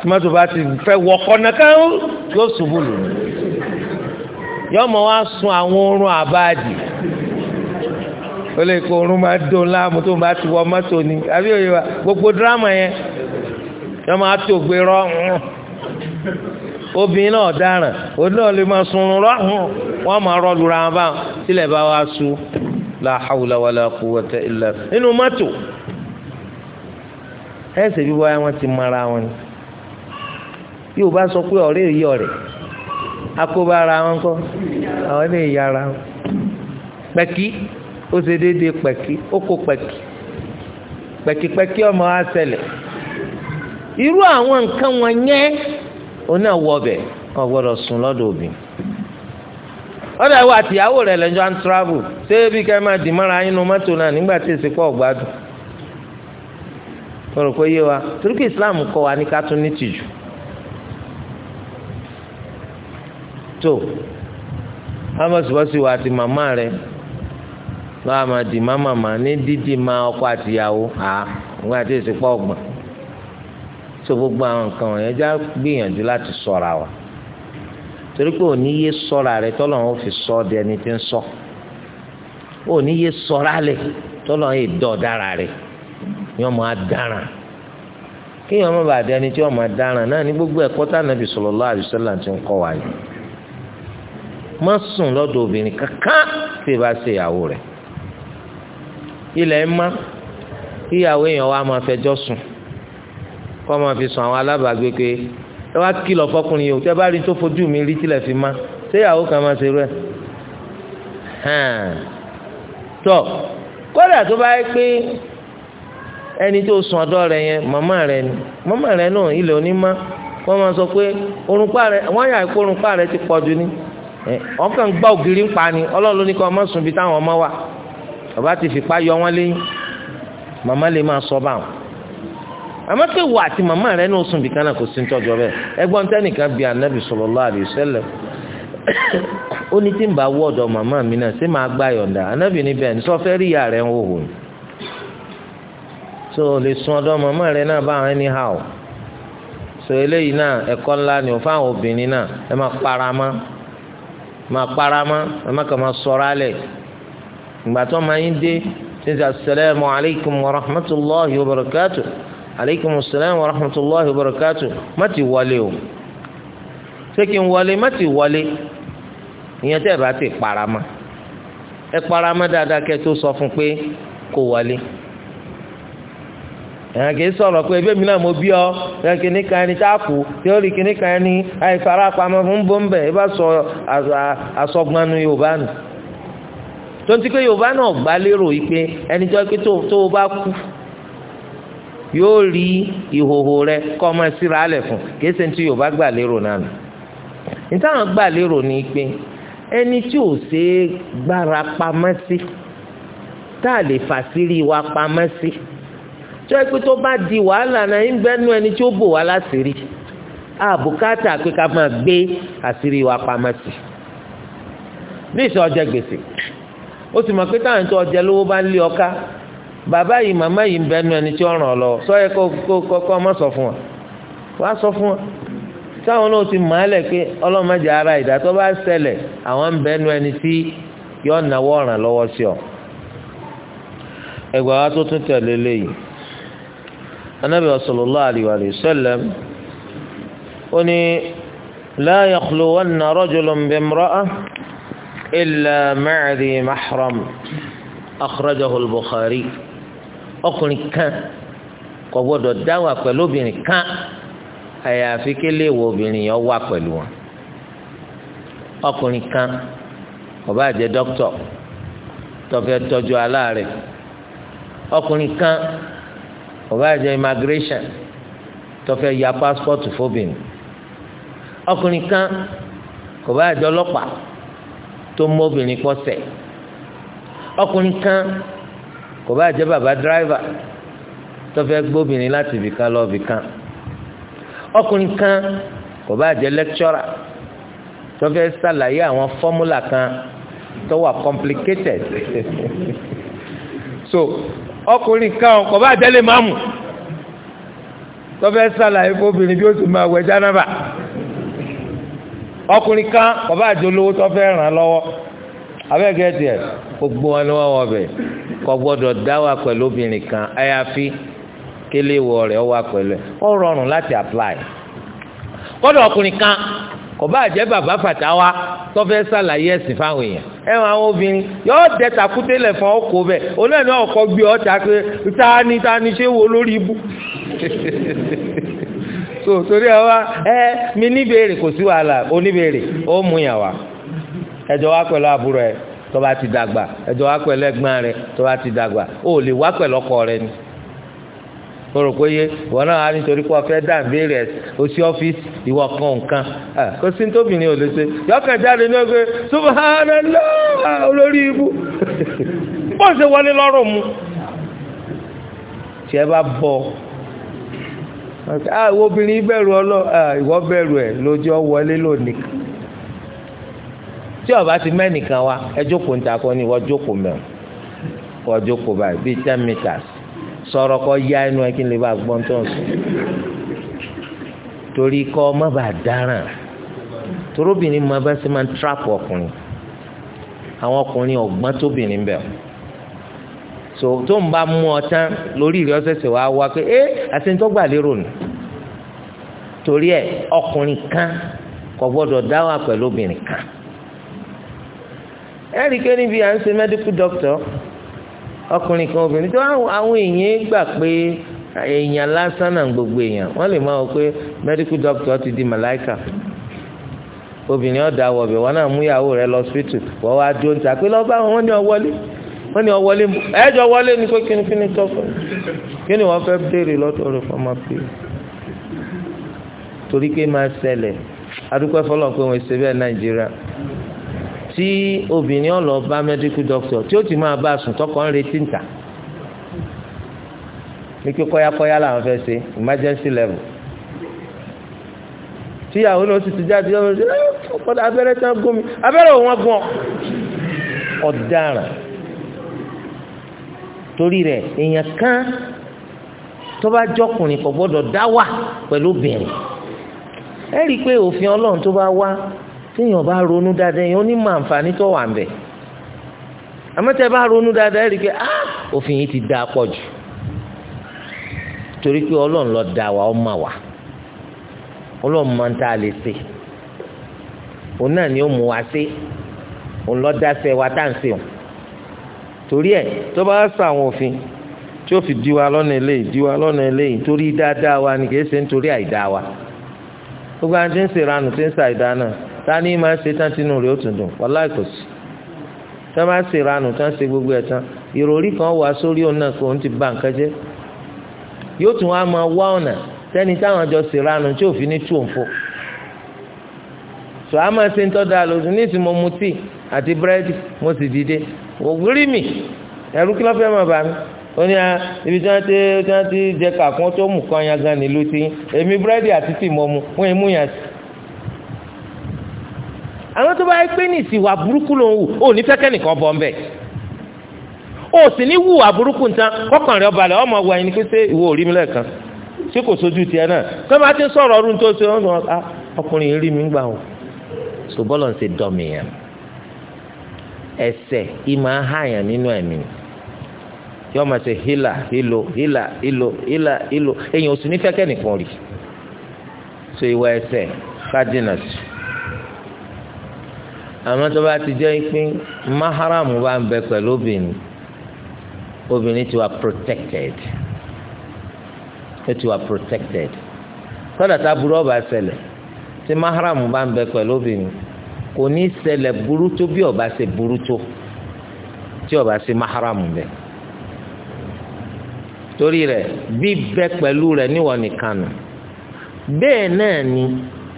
tòmátò bá ti fẹ́ wọkọ̀ nàkà yóò ṣubú lù yọmọ wa sun àwọn oorun àbáàdì ó lè kó oorun máa dùn láàmú tó bá ti wọ mọ́tò ni àbí òye wa gbogbo dírámà yẹn yọ máa tó gbé rọ obìnrin náà dáràn òun náà lè máa sunrun rọ wọn máa rọlù ra wọn bá tilẹ̀ bá wa su la hawla wala quwwata illa nínú mọ́tò ẹsẹ̀ bí wáyé wọn ti mara wọn ni yóò bá sọ pé ọ̀rẹ́ yìí ọ̀rẹ́ akóbá ara wọn kọ́ àwọn ní ìyá ara wọn pẹ̀kí ó ṣe déédéé pẹ̀kí ó kó pẹ̀kí pẹ̀kípẹ̀kí ọmọ á ṣẹlẹ̀. irú àwọn nǹkan wọn yẹn oní ọwọ́ bẹ̀ wọ́n gbọ́dọ̀ sùn lọ́dọ̀ obìnrin ọ̀dà ìwà àtìyàwó rẹ̀ lẹ́jọ́ à ń travel ṣé bí ká máa dì mọ́ra inú mọ́tò náà nígbà tí èsì pọ̀ gbádùn yé wa Islam kọ́ wa ní ká tún ní tìjú tó wa àti màmá rẹ̀ lọ́wọ́ àmàdì má màmá ní dídì má ọkọ àtìyàwó à nígbà tí so gbogbo àwọn nǹkan wọ̀nyẹn já gbìyànjú láti ṣọ́ra wa torí pé òní yé ṣọ́ra rẹ tọ́lọ̀ ń fi sọ ọ́ di ẹni tí ń sọ òní yé ṣọ́ra lẹ̀ tọ́lọ̀ ń dọ̀ dára rẹ ni wọ́n máa dára kí wọ́n má bàa di ẹni tí wọ́n máa dára náà ní gbogbo ẹ̀kọ́ tá nàbì sallallahu alaihi wasallam ti ń kọ́ wa yìí má sùn lọ́dọ̀ obìnrin kankan tí ì bá ṣe ìyàwó rẹ̀ ilẹ̀ ń má ìyàwó èèyàn wa máa fẹjọ́ sùn kọ́ máa fi sùn àwọn alábàágbé pé ẹ wá kìlọ̀ fọkùnrin yòó tẹ́ bá rí tó fojú mi rí tilẹ̀ fi má séyàwó kan máa ṣe rẹ̀ hàn tọ́ kódà tó bá yẹ pé ẹni tó sùn ọ̀dọ̀ rẹ̀ yẹn màmá rẹ̀ ni màmá rẹ̀ náà ilẹ̀ onímọ̀ wọ́n máa sọ pé orunpa rẹ̀ wọ́n yà pé orunpa rẹ̀ ti pọ̀ jù ní ọkàn gbá ògiri ń pa ni ọlọ́run ló ní kí ọmọ sùn bí táwọn ọmọ wà bàbá ti fipá yọ wọ́n léyìn màmá lè máa sọ báwọn àmọ́ pé wà àti màmá rẹ ní oṣù nìkan náà kò sí tọ́jọ́ bẹ́ẹ̀ ẹgbọ́n tẹ́nìkan bíi anabi sallallahu alaihi wasallam ó ní tí ń bá wọ́ ọ̀dọ̀ màmá mi náà ṣé máa gbá yọ̀ǹda anabi níbẹ̀ ní sọ rí ìyá rẹ̀ ń wò wò so lè sun ọ̀dọ̀ màmá rẹ náà bá anyhow so eléyìí náà ẹ̀kọ́ ńlá ni ò fáwọn obìnrin náà ẹ máa para máa para mọ́ ẹ má kàn máa sọ̀rọ̀ alẹ̀ ìgbà tó máa yín dé ṣe wa wa barakatuh aleykum salaam wa rahmatulahi wa barakatu má o ṣé kí n wale má ti ìyẹn tẹ́ bá ti parama ẹ parama dáadáa kẹ́ tó sọ fún pé kó wọlé ẹ̀hàn kìí sọ̀rọ̀ pé ebí mi náà mo bí ọ ẹ̀ kìíní kan ẹni tá a kù tíórì kìíní kan ẹni àìfara pamọ́ fún sọ yorùbá nù tó ń ti pé yorùbá náà gbá lérò yìí pé ẹni tó yóò rí ìhòhò rẹ kọ́ ọmọ síra alẹ̀ fún kìí ṣe ti yorùbá gbà lérò náà nù nítawọn gbà lérò ni pé ẹni tí ò ṣe é gbára pamọ́ sí tá a lè fàṣírí wa pamọ́ sí tó ẹ pé tó bá di wàhálà náà ń bẹ́nu ẹni tí ó bò wá láṣìírí àbùkátà pé máa gbé àṣírí wa pamọ́ sí ní ìṣọ́ gbèsè ó sì mọ̀ pé táwọn tó lówó bá ń lé ọká bàbá yìí màmá yìí ń bẹnu ẹni tí ó ràn ọ lọ sọ yẹ kó kó kó kó ọmọ sọ fún wa wá sọ fún wa táwọn náà ti mọ̀ ẹ́ lẹ̀ pé ọlọ́mọdé ara ìdátọ́ bá ṣẹlẹ̀ àwọn ń bẹnu ẹni tí yọ náwó ọ̀ràn lọ́wọ́ sí ọ. ẹgbẹ́ wa tó tún tẹ̀lé léyìí anábì sallallahu alaihi wa sallam ó ní la yakhluwanna rajulun bimra'ah illa ma'a dhi mahram akhrajahu al ọkùnrin kan kò gbọdọ̀ dáwà pẹ̀lú obìnrin kan àyàfi kí léèwọ̀ obìnrin yẹn wà pẹ̀lú wọn ọkùnrin kan kò bá jẹ́ dókítọ̀ tó fẹ́ tọ́jú aláàárẹ̀ ọkùnrin kan kò bá immigration tó fẹ́ ya passport fóbìnrin ọkùnrin kan kò bá jẹ́ ọlọ́pàá tó mú obìnrin pọ̀ sẹ̀ ọkùnrin kan kò bá jẹ́ bàbá dírẹ́fà tó fẹ́ gbóbìnrin láti ibìkan lọ ibìkan ọkùnrin kan kò bá jẹ́ lẹ́kítọ́rà tó fẹ́ ṣàlàyé àwọn fọ́múlà kan tó wà complicated [LAUGHS] so ọkùnrin kan kò bá jẹ́ lè máàmù tó fẹ́ ṣàlàyé fóbìnrin bí ó sì máa wẹ̀ jánábà ọkùnrin kan kò bá jẹ́ olówó tó fẹ́ ràn án abẹ́gẹ́ tiẹ̀ gbogbo wọn ni wọ́n wọ bẹ̀ kò gbọ́dọ̀ dá wà pẹ̀lú obìnrin kan àyàfi kélé wọ rẹ̀ wà pẹ̀lú ẹ̀ ó rọrùn láti apply kọ́dọ̀ ọkùnrin kan kò bá jẹ́ bàbá fàtàwá tó fẹ́ sàlàyé ẹ̀sìn fáwọn èèyàn ẹ̀wọ̀n àwọn obìnrin yóò dẹ takútélẹ̀ fún ọkọ̀ bẹ̀ onáà ní ọkọ̀ gbé ọ̀tá pé tani tani ṣé wo lórí ibú [LAUGHS] so torí ẹ wá ẹ mi níbèrè kò sí wàhálà oníbèrè ó mú yàn wá ẹjọ́ wá pẹ̀lú àbúrò ẹ̀ tó bá ti dàgbà ẹjọ́ wá pẹ̀lú ẹ̀gbọ́n rẹ̀ tó bá ti dàgbà ó lè wá pẹ̀lú ọkọ rẹ̀ ni mo rò ìwọ náà wá nítorí pé ọfẹ dà béèrè ẹ o sí ọfíìsì ìwọ kan nǹkan ẹ kó sí tóbìnrin ò lè ṣe yọkàn jáde ní ọgbẹ subhanallah olórí ibu [LAUGHS] bó ṣe wọlé lọ́rùn mu tí ẹ bá bọ àwọn ah, obìnrin bẹ̀rù ọlọ ah, ìwọ bẹ̀rù ẹ lójú ọ wọlé lónìí tí ọba ti mẹ́nìkan wa ẹ jókòó níta kọ́ ni wọ́n jókòó mẹ́ wọ́n jókòó báyìí bíi ten meters sọ̀rọ̀ kọ́ yá inú ẹ kí n lè bá gbọ́n tó ń sùn torí kọ́ má bàa dáràn torobìnrin máa bá sí máa ń trap ọkùnrin àwọn ọkùnrin ọ̀gbọ́n tóbìnrin bẹ̀ so tó ń bá mú ọ tán lórí ìrẹ́ ọ̀sẹ̀sẹ̀ wá wá pé ẹ́ àti ní tó gbà lérò nù torí ẹ ọkùnrin kan kò gbọ́dọ̀ dáwà pẹ̀lú obìnrin kan. ẹ̀rí pé níbi à ń ṣe medical doctor ọkùnrin kan obìnrin tó àwọn èèyàn gbà pé èèyàn lásán náà gbogbo èèyàn wọ́n lè máa wọ pé medical doctor ti di obìnrin ọ̀dà wọ̀bẹ̀ wọn náà mú ìyàwó rẹ lọ sípítù wọ́n wá dúró níta pé lọ́ọ́ bá wọn wọ́n ní ọwọ́lé wọ́n ní ọwọ́lé ẹ̀jọ̀ wọlé ni pé kí ni kí ni tọ́ fún mi kí ni wọ́n fẹ́ tí obìnrin ọlọ bá medical doctor tí ó ti máa bá a sùn tọkọ ń retí ń tà ní kí kọ́yákọ́yá làwọn fẹ́ ṣe emergency level tíyàwó náà ó sì ti jáde ọ̀rọ̀ ṣe ọ̀pọ̀lọpọ̀ abẹ́rẹ́ tán gún mi abẹ́rẹ́ òun gún ọ ọ̀daràn torí rẹ̀ èèyàn kan tó bá jọkùnrin kò gbọ́dọ̀ dá wà pẹ̀lú obìnrin ẹ rí i pé òfin ọlọ́run tó bá wá téèyàn bá ronú dáadáa yẹn ó ní mọ̀ àǹfààní tó wà ń bẹ̀ àmọ́tẹ́ bá ronú dáadáa rí i pé ah, òfin yìí ti da pọ̀ jù torí pé ọlọ́run ló dá wa ó mà wá ọlọ́run máa ń tá a lè ṣe òun náà ni ó mú wa ṣe òun ló dá ṣe wa tá à ń ṣe òun torí ẹ̀ tó bá sọ àwọn òfin tí ó fi di wa lọ́nà eléyìí di wa lọ́nà eléyìí torí dáadáa wa ni kì í ṣe nítorí àìdáa wa gbogbo àwọn tí ń ṣèrànù tí ń ṣàìdáa náà tani máa ṣe tán tinú rẹ̀ ó tún dùn wàláì kò sí tán máa ṣe ìranù tán ṣe gbogbo ẹ̀ tán ìròrí kan wà sórí òun náà kò ń ti ba nǹkan jẹ́ yóò tún wá máa wá ọ̀nà sẹ́ni táwọn jọ ṣe ìranù tí òfin ní tù òǹfò tò á ṣe ń tọ́ da ní ìsìn mo mu tíì àti búrẹ́dì mo sì dìde òwúrí mi ẹ̀rú kí ló fẹ́ máa bà mí ó ní ibi tí wọ́n ti tí wọ́n ti jẹ kàkún tó mú kan yangàn nílùú ti èmi búrẹ́dì àti tíì mo mu wọ́n èmú yàn àwọn tó bá yẹ pé ní ìsìwà burúkú ló ń wù ó ní fẹ́kẹ́ nìkan bọ́ ńbẹ̀ ó sì ní wù àbúrúkú nǹkan kọ́kàn rẹ̀ ọbalẹ̀ ọmọ wà ní pé ṣé ìwọ ò rí mi lẹ́ẹ̀kan ṣé kò sójú tiẹ̀ náà kí wọ́n bá ti sọ̀rọ̀ ọdún tó ṣe ọ̀nà ah, ọkùnrin rí mi gbà ó so bọ́lọ̀ ń ṣe dọ̀mìyàn ẹsẹ̀ ìmọ̀ ahàyàn nínú ẹ̀mí yọ ma ṣe hila hilo hila hilo hila hilo èèyàn ò sì ní fẹ́kẹ́ nìkan rí so ìwà ẹsẹ̀ ká dínà sí àmọ́ tó bá ti jẹ́ pé maharam bá ń bẹ pẹ̀lú obìnrin obìnrin ti wà protected ó ti wà protected tọ́lá tá burú ọba ṣẹlẹ̀ tí maharam bá ń bẹ pẹ̀lú obìnrin kò ní ṣẹlẹ̀ burú tó bí ọba ṣe burú tó tí ọba ṣe maharam bẹ torí rẹ̀ bíbẹ pẹ̀lú rẹ̀ níwọ̀n nìkan nù bẹ́ẹ̀ náà ni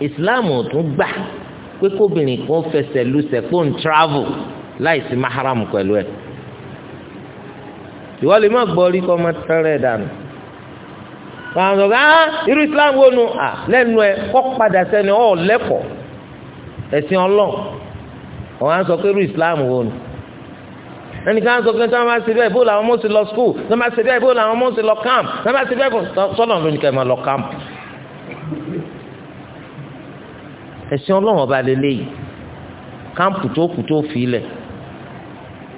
islam ò tún gbà pé kóbìnrin kan fẹsẹ̀ lùsẹ̀ pé ń travel láì sí maharam pẹ̀lú ẹ̀ ìwọ lè má gbọ́ rí kọ́ máa tẹ́rẹ̀ dànù wọn sọ pé ah irú islam wo nu à lẹ́nu ẹ kọ́ padà sẹ́ni ọ̀ lẹ́kọ̀ọ́ ẹ̀sìn ọlọ́ọ̀ wọn á sọ pé irú islam wo nu ẹnìkan sọ pé tí wọn bá ṣe bẹ́ẹ̀ bóòlù àwọn ọmọ sì lọ skul tí wọn bá ṣe bẹ́ẹ̀ bóòlù àwọn ọmọ sì lọ camp tí wọn bá ṣe bẹ́ẹ̀ sọlọ lónìí kẹ́ ẹ máa lọ camp. ẹ̀sìn ọlọ́run ọba lélẹ́yìí káàmpù tó kù tó fi lẹ̀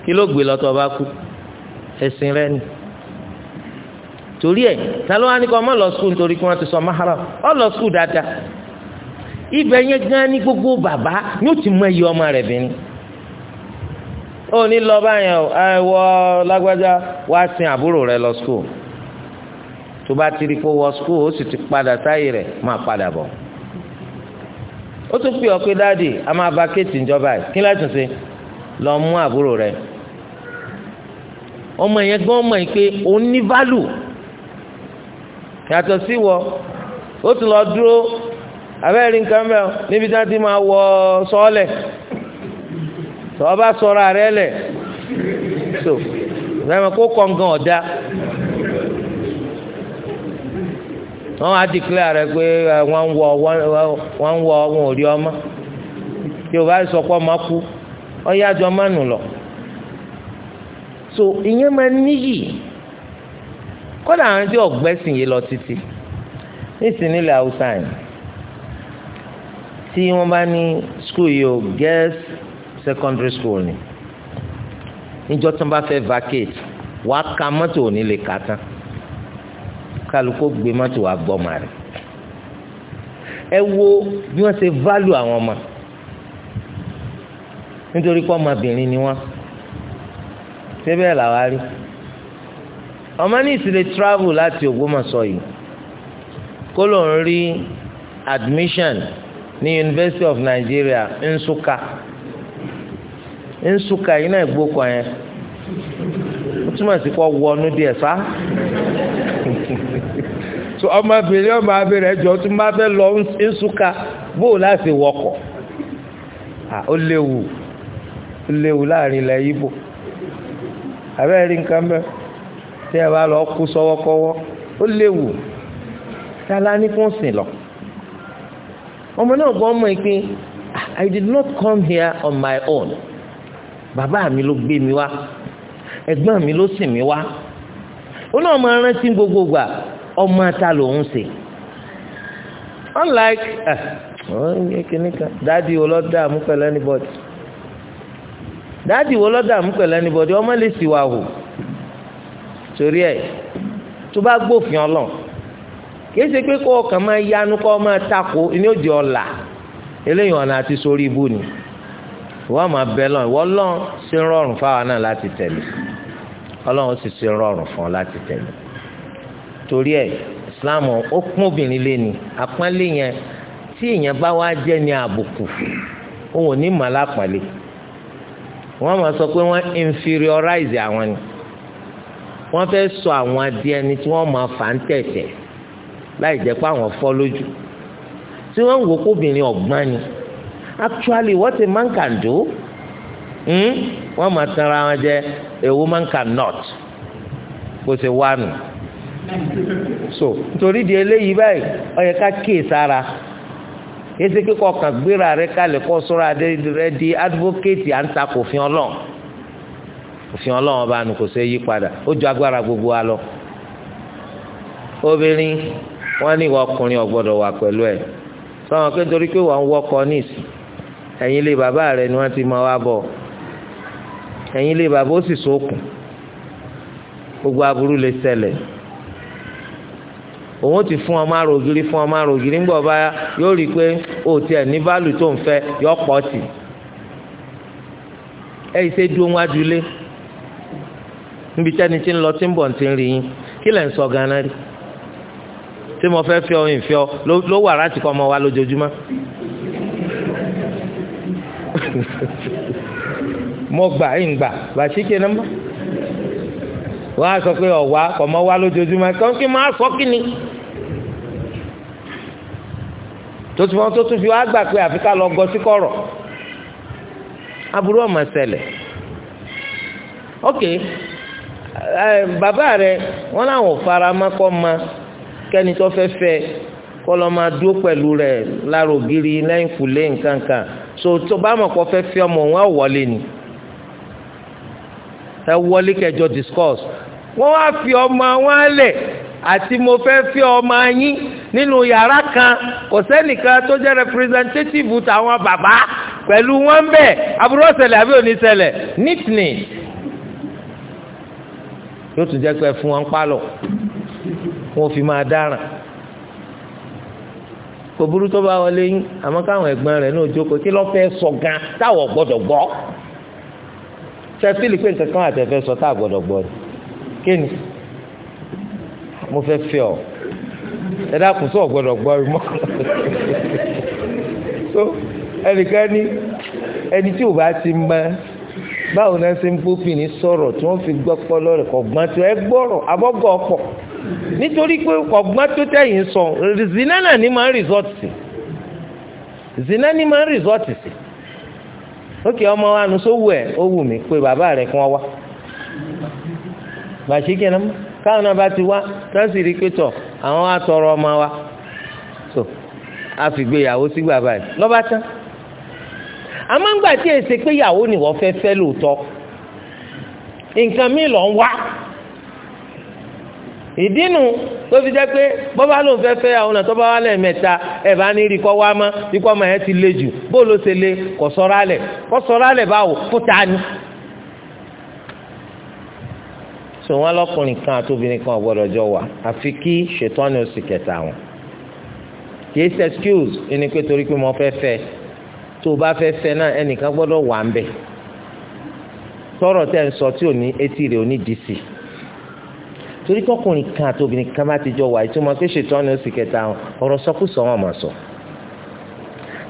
kí ló gbé lọ́tọ̀ ọba kú ẹ̀sìn rẹ ni torí ẹ̀ ta ló wá ní kọ́ ọmọ lọ skul nítorí kí wọ́n ti sọ mahara ọ lọ skul dáadáa ibẹ̀ yẹn gan ni gbogbo bàbá yóò ti mọ iye ọmọ rẹ̀ bìnrin ó ní lọ báyẹn o ẹ wọ lágbájá wá sin àbúrò rẹ lọ skul tó bá ti kó wọ skul ó sì ti padà sáyé rẹ̀ máa padà bọ̀ ó tún pè ọ́ pé dáàdì a máa ba kéètì ìjọba yìí kí láti ṣe lọ mú àbúrò rẹ ọmọ yẹn gbọ́n mọ̀ pé òun ní válù yàtọ̀ sí wọ ó tún lọ dúró abẹ́rẹ́ nǹkan mẹ́ọ̀ níbi tí wọ́n ti máa wọ sọ́ọ̀lẹ̀ tọ́ ọ bá sọ̀rọ̀ àrẹ́ so ìgbà yẹn kó kọ̀ǹgàn ọ̀dà wọ́n á dìklẹ́ rẹ̀ pé wọ́n wọ wọ́n wọ wọn ò rí ọmọ yorùbá sọ pé ọmọ kú ọ̀yájú ọmọ nù lọ. so ìyẹn máa níyì kọ́dà àwọn tí ọ̀gbẹ́sìn yìí lọ títí nísìnyí ilẹ̀ haúsá yìí tí wọ́n bá ní skul yìí o girls secondary school ni níjọ́ tí wọ́n bá fẹ́ vacate wàá ka mọ́tò ò ní lè kà tán kálukó gbé mọ́tò wá gbọ́mọ rẹ̀ ẹ wo bí wọ́n ṣe válù àwọn ọmọ nítorí pé ọmọbìnrin ni wọ́n ṣé bẹ́ẹ̀ làwa rí ọmọ ní ìsìlẹ̀ travel láti Ògbómọ̀ṣọ́ yìí kó ló ń rí admission ní University of Nigeria Nsukka Nsukka yìí náà gbókọ yẹn ó túmọ̀ sí kó wọnú díẹ̀ sá so ọmọbìnrin ọmọ abẹ́rẹ́ jọ tún bá fẹ́ lọ ńsúka bó o láti wọkọ̀ ó léwu ó léwu láàrin ilẹ̀ Ìgbò abẹ́rẹ́ rí nǹkan bẹ́ẹ̀ tí ẹ bá lọ kú sọ́wọ́kọ́wọ́ ó léwu tálá ní kó sìn lọ ọmọ náà gbọ́ ọmọ yìí pé ah, I did not come here on my own bàbá mi ló gbé mi wá ẹ̀gbọ́n mi ló sìn mi wá ó náà máa rántí gbogbo ọmọ ata lòún ṣe unlike ah, dáàdi wo lọ dààmú pẹ̀lú anybody dáàdi wo lọ dààmú pẹ̀lú anybody ọmọ lè sì wà hù torí ẹ tó bá gbófin Ọlọ́run kìí ṣe pé kó ọkàn máa yanu kó máa tako ní òjì ọ̀la eléyìí ọ̀nà àti sórí ibú ni wọ́n máa bẹ lọ́n ìwọ́ lọ́n ṣe ń rọrùn fáwọn náà láti tẹ̀lé Ọlọ́run sì ṣe ń rọrùn fún ọ láti tẹ̀lé torí ẹ islam ó kún obìnrin lẹ́ni àpọ́nlé yẹn tí èèyàn bá wá jẹ́ ní àbùkù òun ò ní mọ̀ lápọ̀lé wọ́n máa sọ pé wọ́n inferiorize àwọn ni wọ́n fẹ́ sọ àwọn adìẹ ẹni tí wọ́n máa fà ń tẹ̀tẹ̀ láì jẹ́ pé àwọn fọ́ lójú tí wọ́n ń wò kóbìnrin ọ̀gbọ́n ni actually what a man can do hmm, wọ́n máa tanra wọn jẹ a woman cannot kó ṣe wá so nítorí di eléyìí báyìí ó yẹ ká kíyè sára èsì kíkọ kàn gbéra rẹ kalẹ̀ kọ́ sọ́ra rẹ di advocate à ń ta kò fi ọlọ́run òfin ọlọ́run ọba nu kò ṣe yí padà ó ju agbára gbogbo wa lọ. obìnrin wọn ní ìwà ọkùnrin ọ̀gbọ́dọ̀ wà pẹ̀lú ẹ̀ sọ́wọ́n pé nítorí pé wọ́n ń wọ́kọ níìsì ẹ̀yìn ilé bàbá rẹ̀ ni wọ́n ti máa wá bọ̀ ẹ̀yìn ilé bàbá ó sì sókùn gbogbo aburú lè ṣẹlẹ̀ òun ti fún ọmọ àrògiri fún ọmọ àrògiri ńgbọ bá yóò rí i pé o tiẹ̀ ní báàlù tó ń fẹ́ yọ pọ̀ tì ẹ yìí ṣe dúró wájú lé níbi tẹ́ni tí ń lọ tí ń bọ̀ tí ń rí yín kí lẹ̀ ń sọ ganan rí tí mo fẹ́ fẹ́ ọ ìfẹ́ ọ ló wà láti kọ́ ọmọ wa lójoojúmọ́ [LAUGHS] mo gbà ń gbà bàṣíkè nọ́mbà wọ́n á sọ pé ọ̀wá kọ́ ọmọ wa lójoojúmọ́ kí n máa sọ kí ni. tó tún wọn tó tún fi wá gbà pé àfi ká lọ gọ sí kọ̀rọ̀ aburú ọmọ ṣẹlẹ̀ ok ẹ bàbá rẹ wọn làwọn fara má kọ ma kẹni tó fẹ́ fẹ́ kọ lọ máa dúró pẹ̀lú rẹ lára ògiri lẹ́yìn kùlé nǹkankan so tó bá mọ̀ kó fẹ́ fẹ́ ọmọ wọn wọlé ni ẹ wọlé kẹjọ discourse wọn wá fi ọmọ wọn lẹ. àti mo fẹ́ fi ọmọ yín nínú yàrá kan kò sẹ́nìkan tó jẹ́ representative tàwọn bàbá pẹ̀lú wọn bẹ́ẹ̀ aburú ṣẹlẹ̀ àbí òní ṣẹlẹ̀ nítìní yóò tún jẹ́ pé fún wọn pálọ̀ wọn fi máa dáràn kò burú tó bá wọlé yín àmọ́ káwọn ẹ̀gbọ́n rẹ̀ náà jókòó kí ló fẹ́ sọ gan táwọn gbọ́dọ̀ gbọ́ ṣe pé nǹkan kan àtẹ̀fẹ́ sọ táà gbọ́dọ̀ gbọ́ kí ni mo fẹ́ fẹ́ ọ ẹ dákun sọ ọ̀gbọ́dọ̀ gbọ́ ẹ mọ́ so ẹnìkan ní ẹni tí ò bá ti mọ báwo náà ṣe ń bófin ní sọ̀rọ̀ tí wọ́n fi gbọ́ pọ́lọ́ rẹ̀ kọ̀gbọ́n tó ẹ gbọ́rọ̀ abọ́gọ́ ọkọ̀ nítorí pé kọ̀gbọ́n tó tẹ̀yìn sọ zina náà ni máa ń rìsọ́ọ̀tì sí zina ni máa ń rìsọ́ọ̀tì sí ókè ọmọ wa nù sówù ẹ̀ ó wù mí pé bàbá rẹ̀ kún ọ wá bàṣẹ́ náà káwọn náà bá ti wá tẹ́sí rí pé tọ̀ àwọn wa ọmọ wa so a fi gbéyàwó sígbà báyìí lọ́ba tán àmọ́ ńgbà tí èsì pé ìyàwó ni wọ́n fẹ́ fẹ́ lóòótọ́ nǹkan míì lọ ń wá ìdínú tó fi jẹ́ pé bọ́bá ló ń fẹ́ fẹ́ àwọn ọ̀nà bá wà lẹ́ẹ̀mẹ́ta ẹ̀ bá ní rí wá mọ́ ikú ọmọ yẹn ti le jù bó ló ṣe le kò sọ́ra lẹ̀ kò sọ́ra lẹ̀ báwo fúta ni. sọ wọn lọkùnrin kan àti obìnrin kan ọ̀gbọ́dọ̀ jọ wà àfi kí ṣètọ́ni oṣù kẹta wọn kìí ṣe excuse ẹni pé torí pé mo fẹ́ fẹ́ tó o bá fẹ́ fẹ́ náà ẹnìkan gbọ́dọ̀ wà ń bẹ̀ tọrọ tẹ ń sọ tí ò ní etí rẹ ò ní dì sí torí kọkùnrin kan àti obìnrin kan bá ti jọ wà ìtumọ̀ pé ṣètọ́ni oṣù kẹta wọn ọ̀rọ̀ sọkúsọ wọn mà sọ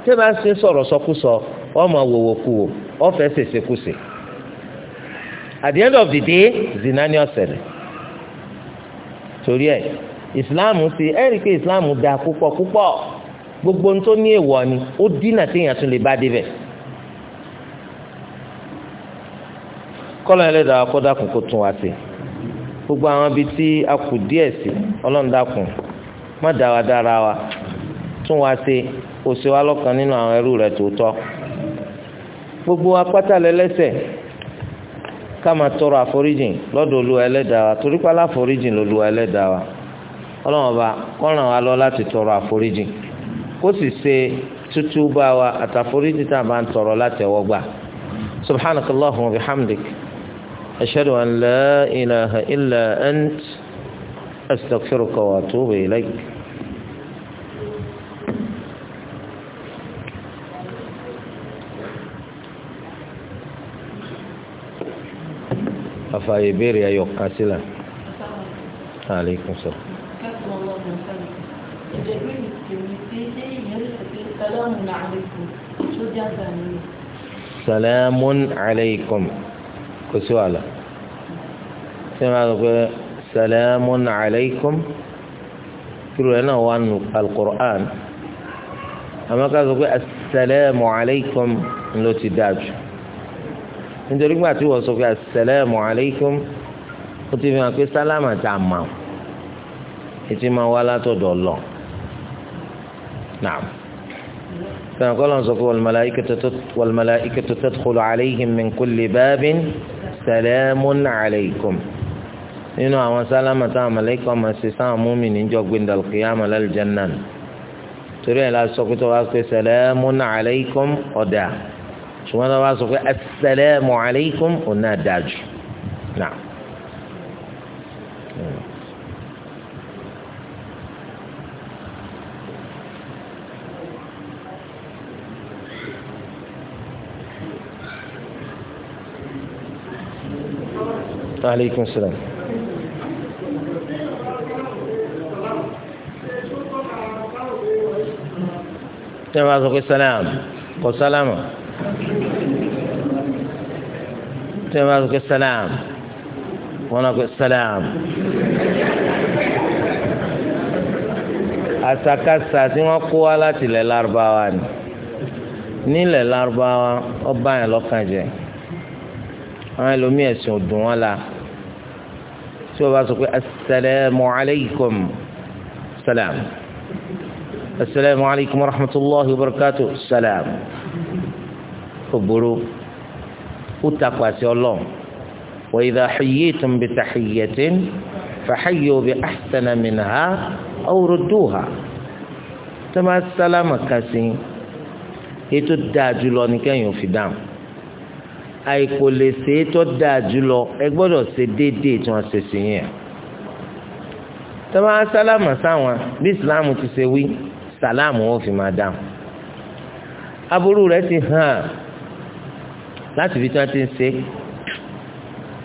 tí ẹ bá ṣe sọ̀rọ̀ sọkúsọ wọn mà wòwò kú wò ọ fẹ́ ṣèṣekúṣe. So at the end of the day zina ni ọ̀sẹ̀lẹ̀ torí ẹ̀ ìsìláàmù ti ẹ̀rí pé ìsìláàmù da púpọ̀ púpọ̀ gbogbo ohun tó ní èèwọ̀ ni ó dínà téèyàn tún lè bá débẹ̀. kọ́lọ̀ ẹlẹ́dàá kó dákun kó tún wá sí gbogbo àwọn ibi tí a kù díẹ̀ sí ọlọ́run dákun má dá wa dára wa tún wá sí òṣèwà lọ́kàn nínú àwọn ẹrú rẹ̀ tòótọ́ gbogbo apátá lẹ́lẹ́sẹ̀ ká máa tọrọ àforíjìn lọ́dọ̀ olúwa ẹlẹ́dàá wa torí pé aláforíjìn lolúwa ẹlẹ́dàá wa ọlọ́run ọba kó ràn wá lọ láti tọrọ àforíjìn kó sì ṣe tútú bá wa àtàforíjìn tá a bá ń tọrọ láti ẹ̀wọ́ gbà subhanakallahu wa bihamdik ashhadu an la ilaha illa ant astaghfiruka wa atubu ilayk. afa ibeere ayo kasila aleikum salaam. سلام عليكم كسؤال سمع سلام عليكم كلنا وان القرآن أما كذا السلام عليكم لو تدعش nítorí gbà tí wọ́n sọ fún asalaamu alaykum ó ti fi hàn pé sálámà tá a mọ̀ ètí máa wá látọ̀dọ̀ lọ. Nàà Sọ̀rọ̀ kọ́ lọ́n sọ pé wal malaikatu tadkhulu alayhim mi min kulli babin salamun alaykum. Nínú àwọn sálámà táwọn a máa máa ṣe sáwọn múmi níjọ́ gbẹ̀ndàl qiyama lal janna. Torí ẹ̀ la sọ pé tó wá pé salamun alaykum ọ̀dà. شو الله عز السلام عليكم قلنا الدرج نعم عليكم السلام السلام السلام السلام tí wọ́n bá sọ pé salam wọ́n náà pé salam. àṣàkáṣà tí wọ́n kó wá láti ilẹ̀ lárúbáwá ni nílẹ̀ lárúbáwá ọba yẹn lọ́kàn jẹ́ àwọn ẹlòmíì ẹ̀sìn ọ̀dùn wọn la tí wọ́n bá sọ asalaamu alaykum salam asalaamu alaykum wa rahmatulahi wa barakatuh salam kò burú ó takò àti ọlọ́run wa idha hayyitum bi tahiyyatin fahayyu bi ahsana minha aw rudduha tó máa sálámà kásì ètò dáa jùlọ ní kẹ́yìn òfin dáhùn àìkò lè ṣe é tó dáa jùlọ ẹ gbọ́dọ̀ ṣe déédéé tí wọ́n ṣe sí yẹn tó sálámà sáwọn bí ìsìláàmù ti ṣe wí sàlámù wọn máa dáhùn aburú rẹ̀ ti hàn láti fi tí wọ́n ti ń ṣe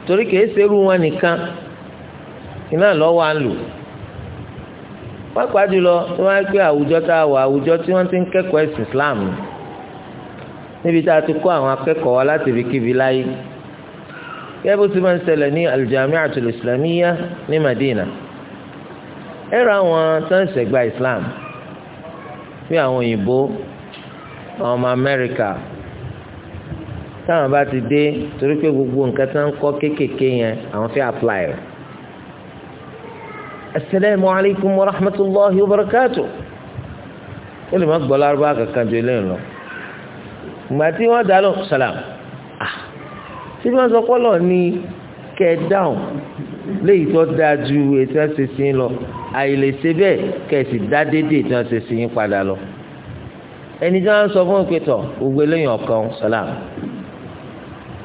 torí kìí ṣerú wọn nìkan iná lọ́wọ́ à ń lò wọ́n pa jùlọ tí wọ́n á gbé àwùjọ tá a wà àwùjọ tí wọ́n ti ń kẹ́kọ̀ọ́ ẹ̀sìn Islam níbi tá a ti kó àwọn akẹ́kọ̀ọ́ wa láti fi kíbi láyé gẹ́gẹ́ bó ti máa ń ṣẹlẹ̀ ní al-Jami'atul Islamiyya ní Madina ẹ̀rọ àwọn tó ń Islam bí àwọn òyìnbó àwọn ọmọ Amẹ́ríkà táwọn bá ti dé torí pé gbogbo nǹkan tí wọ́n ń kọ́ kéékèèké yẹn àwọn fẹ́ apply rẹ̀. asalaamu alaykum wa rahmatulahi wa barakatu. ó lè má gbọ́ lárúbá kankan ju eléyìí lọ. ìgbà tí wọ́n dá lọ salam. ṣé ah. wọ́n sọ pé ní kẹ́ léyìí tó dáa ju ètò ẹ̀sìn sí lọ àìlèṣe bẹ́ẹ̀ kẹ́ ẹ sì dá déédéé ètò sí padà lọ ẹni tí wọ́n sọ fún ìpẹtọ gbogbo eléyìí ọkàn salam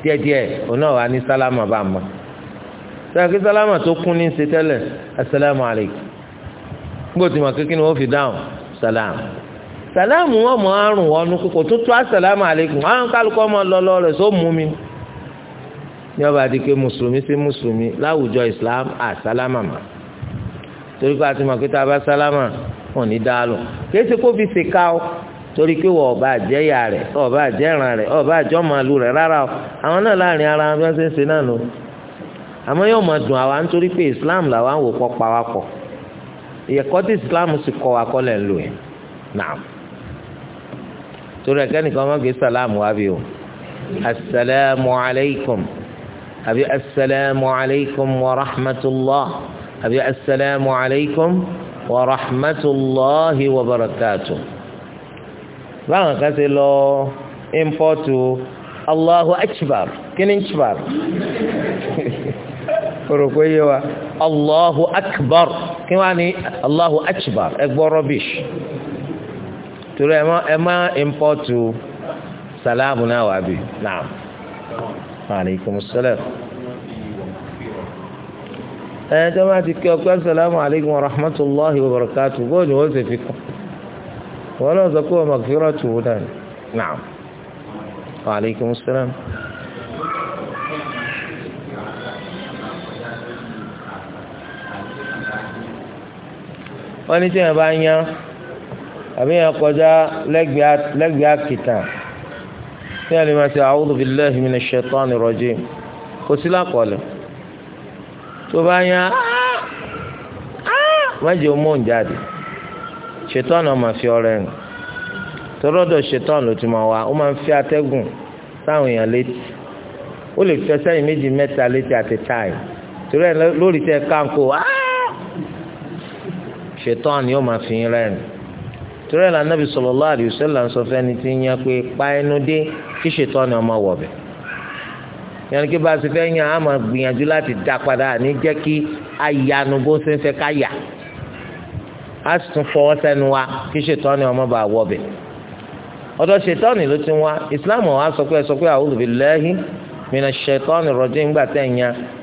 díẹ̀díẹ̀ òun náà wà ní sálámà bá a mọ̀ sọ́yà kí sálámà tó kún ní ṣe tẹ́lẹ̀ asalaamu alaykum gbọ́dọ̀ tí mo kékeré wọ́n fi dáhùn sálámù sálámù wọn mọ àrùn wọnú kókò tó tó asalaamu alaykum àwọn kálukọ́ ọmọ lọ́lọ́ rẹ̀ só mú mi ní ọba àti pé mùsùlùmí sí mùsùlùmí láwùjọ islam àsálámà mà torí pé àti mọ̀ kí tá a bá sálámà wọn ní dáhùn kí ẹ ti kó fi ṣèkà ọ́ torí pé wọ́n ọba àjẹyà rẹ̀ ọba àjẹràn rẹ̀ ọba àjọmọ̀lù rẹ̀ rárá o àwọn náà láàrin ara wọn ṣe ń ṣe náà nù. àmọ́ yóò mọ̀ dùn àwa nítorí pé islam làwa ń wò pọ̀ pa wá pọ̀ ìyẹ̀kọ́ tí islam sì kọ́ wa kọ́ lẹ̀ ń lò ẹ̀ náà. torí ẹ̀kẹ́ nìkan má gbé sàlámù wá bí o asalaamu alaykum àbí asalaamu alaykum wa rahmatulah àbí asalaamu alaykum wa rahmatulah wa barakatuh báwọn kan ṣe lọ ímpọ́tù allahu akbar kíní akbar kúrò [LAUGHS] pé yé wa allahu akbar kí wàá ní allahu akbar ẹgbọ́ rubbish torí ẹ má ẹ má ímpọ́tù sàlámù náà wà bí naam maaleykum salaam ẹ jẹ́ máa ti kí ọ pé sàlámù aleykum wa rahmatulahi wa barakatu bóyá ni wọ́n ṣe fi kàn wọ́n lọ́n sọ pé ọmọ kìrọ̀ tó wù náà naam aleykum salaam. wọ́n ní tí yẹn bá yán àbí yẹn kọjá lẹ́gbẹ̀ẹ́ àkìtàn tí yẹn lè máa ṣe a'udhu billahi minash shaitani rajim kò sí lákọọ́lẹ̀ tó bá yán má jẹ́ ọmọ òun ṣètọ́nù ọmọ fi ọrẹ rìn tọ́lọ́dọ̀ ṣètọ́nù ló ti mọ̀ wá ó máa ń fi atẹ́gùn sáwọn èèyàn létí ó lè fẹ́ sẹ́yìn méjì mẹ́ta létí àti táì torí ẹ̀ lórí tẹ káńkó ṣètọ́nù yóò máa fi yín rẹ́rìn torí ẹ̀ lànà bí sallallahu alaihi wasallam ń sọ fẹ́ni tí ń pé pa ẹnu dé kí ọmọ wọ̀ bẹ̀ yẹnni kí bá a ti fẹ́ yàn á máa gbìyànjú láti dá padà ní jẹ́ kí ayanu ṣe ń fẹ́ ká yà. á sì tún fọwọ́ sẹ́nu wa kí ṣètọ́ni ọmọ bá wọ bẹ̀ ọ̀dọ̀ ṣètọ́ni ló ti wá ìsìláàmù wa sọ pé sọ pé a'udhu billahi minash shaitani rajim ńgbà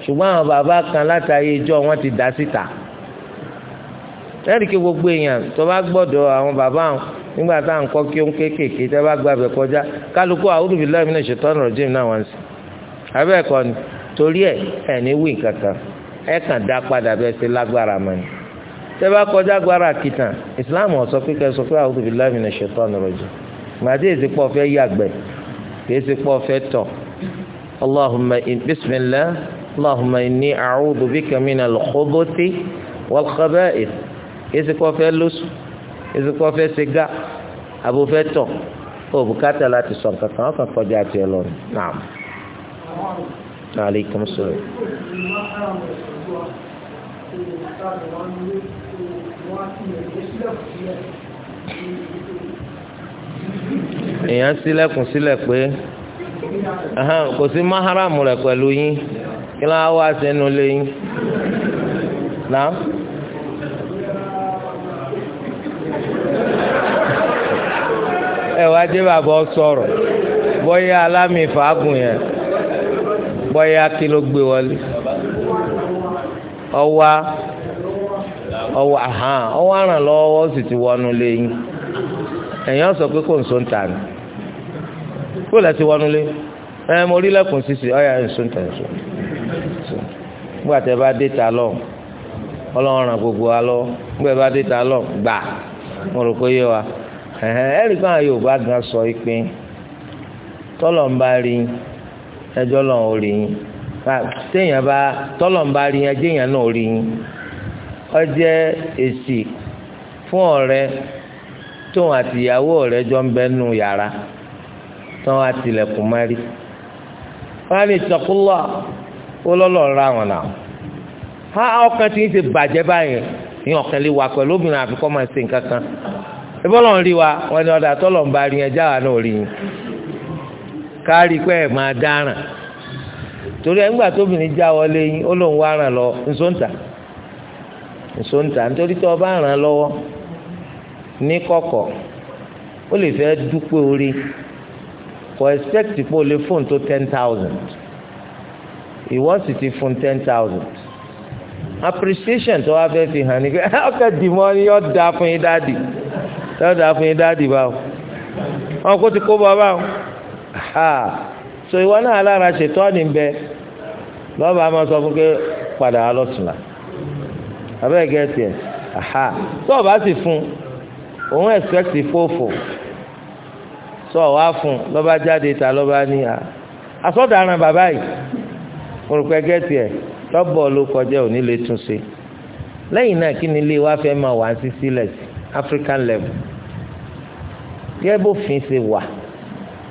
ṣùgbọ́n àwọn bàbá kan látàrí ìjọ wọn ti dá síta gbogbo èèyàn tó bá gbọ́dọ̀ àwọn bàbá nígbà tá à ń kọ́ kí ó ń kéékèèké tẹ́ bá gbàgbẹ́ kọjá kálukú tẹ́bá kọjá gbára kìtàn ìsìláàmù ọ̀sọ́ pípẹ́ sọ pé a'udhu billahi minash shaitani rajim màdé èsìpọ̀ fẹ́ yàgbẹ́ èsìpọ̀ fẹ́ tọ̀ allahumma bismillah allahumma inni a'udhu bika minal khubuthi wal khaba'ith èsìpọ̀ fẹ́ lóṣù èsìpọ̀ fẹ́ sìgá àbòfẹ́ tọ̀ òbúkátà láti sọ to èèyàn sílẹ̀ pé kò sí máhàrámù rẹ̀ pẹ̀lú yín kí ló wá sínú lé yín náà. ẹ wá dé bàbá sọ̀rọ̀ bóyá alámì fàágùn yẹn bóyá kí ló gbé wọlé. Ọwa, ọwa, hàn ọwa ràn ó sì ti wọnú lẹ́yìn ẹ̀yàn sọ pé kò ń so ń tà ní kó ti wọnú lé ẹ mo rí sísè so ń tà ta lọ ọlọ́run ràn gbogbo wa lọ tẹ bá ta lọ gbà mo rò pé yé wa ẹ̀rí kan Yorùbá gan sọ ìpín Ah, téèyàn bá tọ́lọ̀ rí yẹn jéèyàn náà rí yín ọ jẹ́ èsì fún ọ̀rẹ́ tóun àtìyàwó rẹ̀ jọ ń yàrá tán wá tilẹ̀kùn rí wọ́n á ní ìtọ́kúlọ́ ó lọ́lọ́ ra ha ọkàn ń ṣe bàjẹ́ báyìí wà pẹ̀lú obìnrin máa ṣe nǹkan kan ìbọ́lọ̀ rí wa wọ́n ọ̀dà rí yẹn náà rí yín torí ẹ̀ ńgbà tóbìnrin já wọlé yín ó lóun wá ràn lọ nsóńtà nsóńtà nítorí tí wọ́n bá ràn lọ́wọ́ ní kọ̀kọ̀ ó lè fẹ́ dúpẹ́ orí kò expect pé o lè fóun tó ten thousand ìwọ sì ti fún ten thousand appreciation tó wá fẹ́ fi hàn ní pé ọkẹ́ dìmọ́ ni yóò dáa fún yín dáàdì yóò dáa fún yín dáàdì báwo ti kó bọ́ báwo so ìwọ náà alára ṣètọ́ ni bẹ́ẹ̀ lọ́ba a máa sọ fún pé padà wá lọ́tùnla abẹ́rẹ́ gẹ́tì ẹ̀ aha tọ́ọ̀bá sì fún òun ẹ̀sẹ̀kì fòfò tọ́ọ̀ wá fún lọ́ba jáde ta lọ́ba ní a asọ́daràn bàbá yìí mo rò pé gẹ́tì ẹ̀ lọ́bọ̀ ló kọjá òní lè tún ṣe lẹ́yìn náà kí ni ilé wa fẹ́ máa wà sí sílẹ̀ African level yẹ́ bófin ṣe wà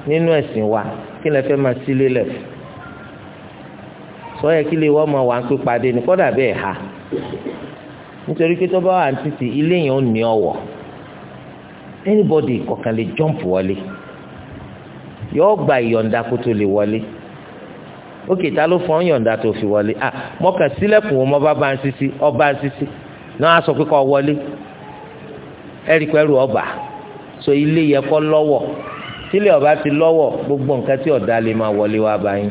nínú ẹ̀sìn wa kí lẹ fẹ́ máa sílé lẹ̀ fún sọ yẹ kí lè wọ́n mọ wà ń pè ni kọ́dà bẹ́ẹ̀ ha nítorí pé tó bá wà ń títì ilé yẹn ò ní ọ̀wọ̀ anybody kọ̀ọ̀kan lè jump wọlé yọọ gba ìyọ̀ǹda kó tó lè wọlé ókè ta ló fọ́n yọ̀ǹda tó fi wọlé ah mọ́kàn sílẹ̀kùn wọn bá bá ń sisi ọba ń sisi náà sọ pé kọ́ wọlé ẹ̀rí pẹ̀lú ọba so ilé yẹ kọ́ lọ́wọ́ tílé ọba ti lọ́wọ́ gbogbo nǹkan tí ọ̀dà lè máa wọlé wá báyìí.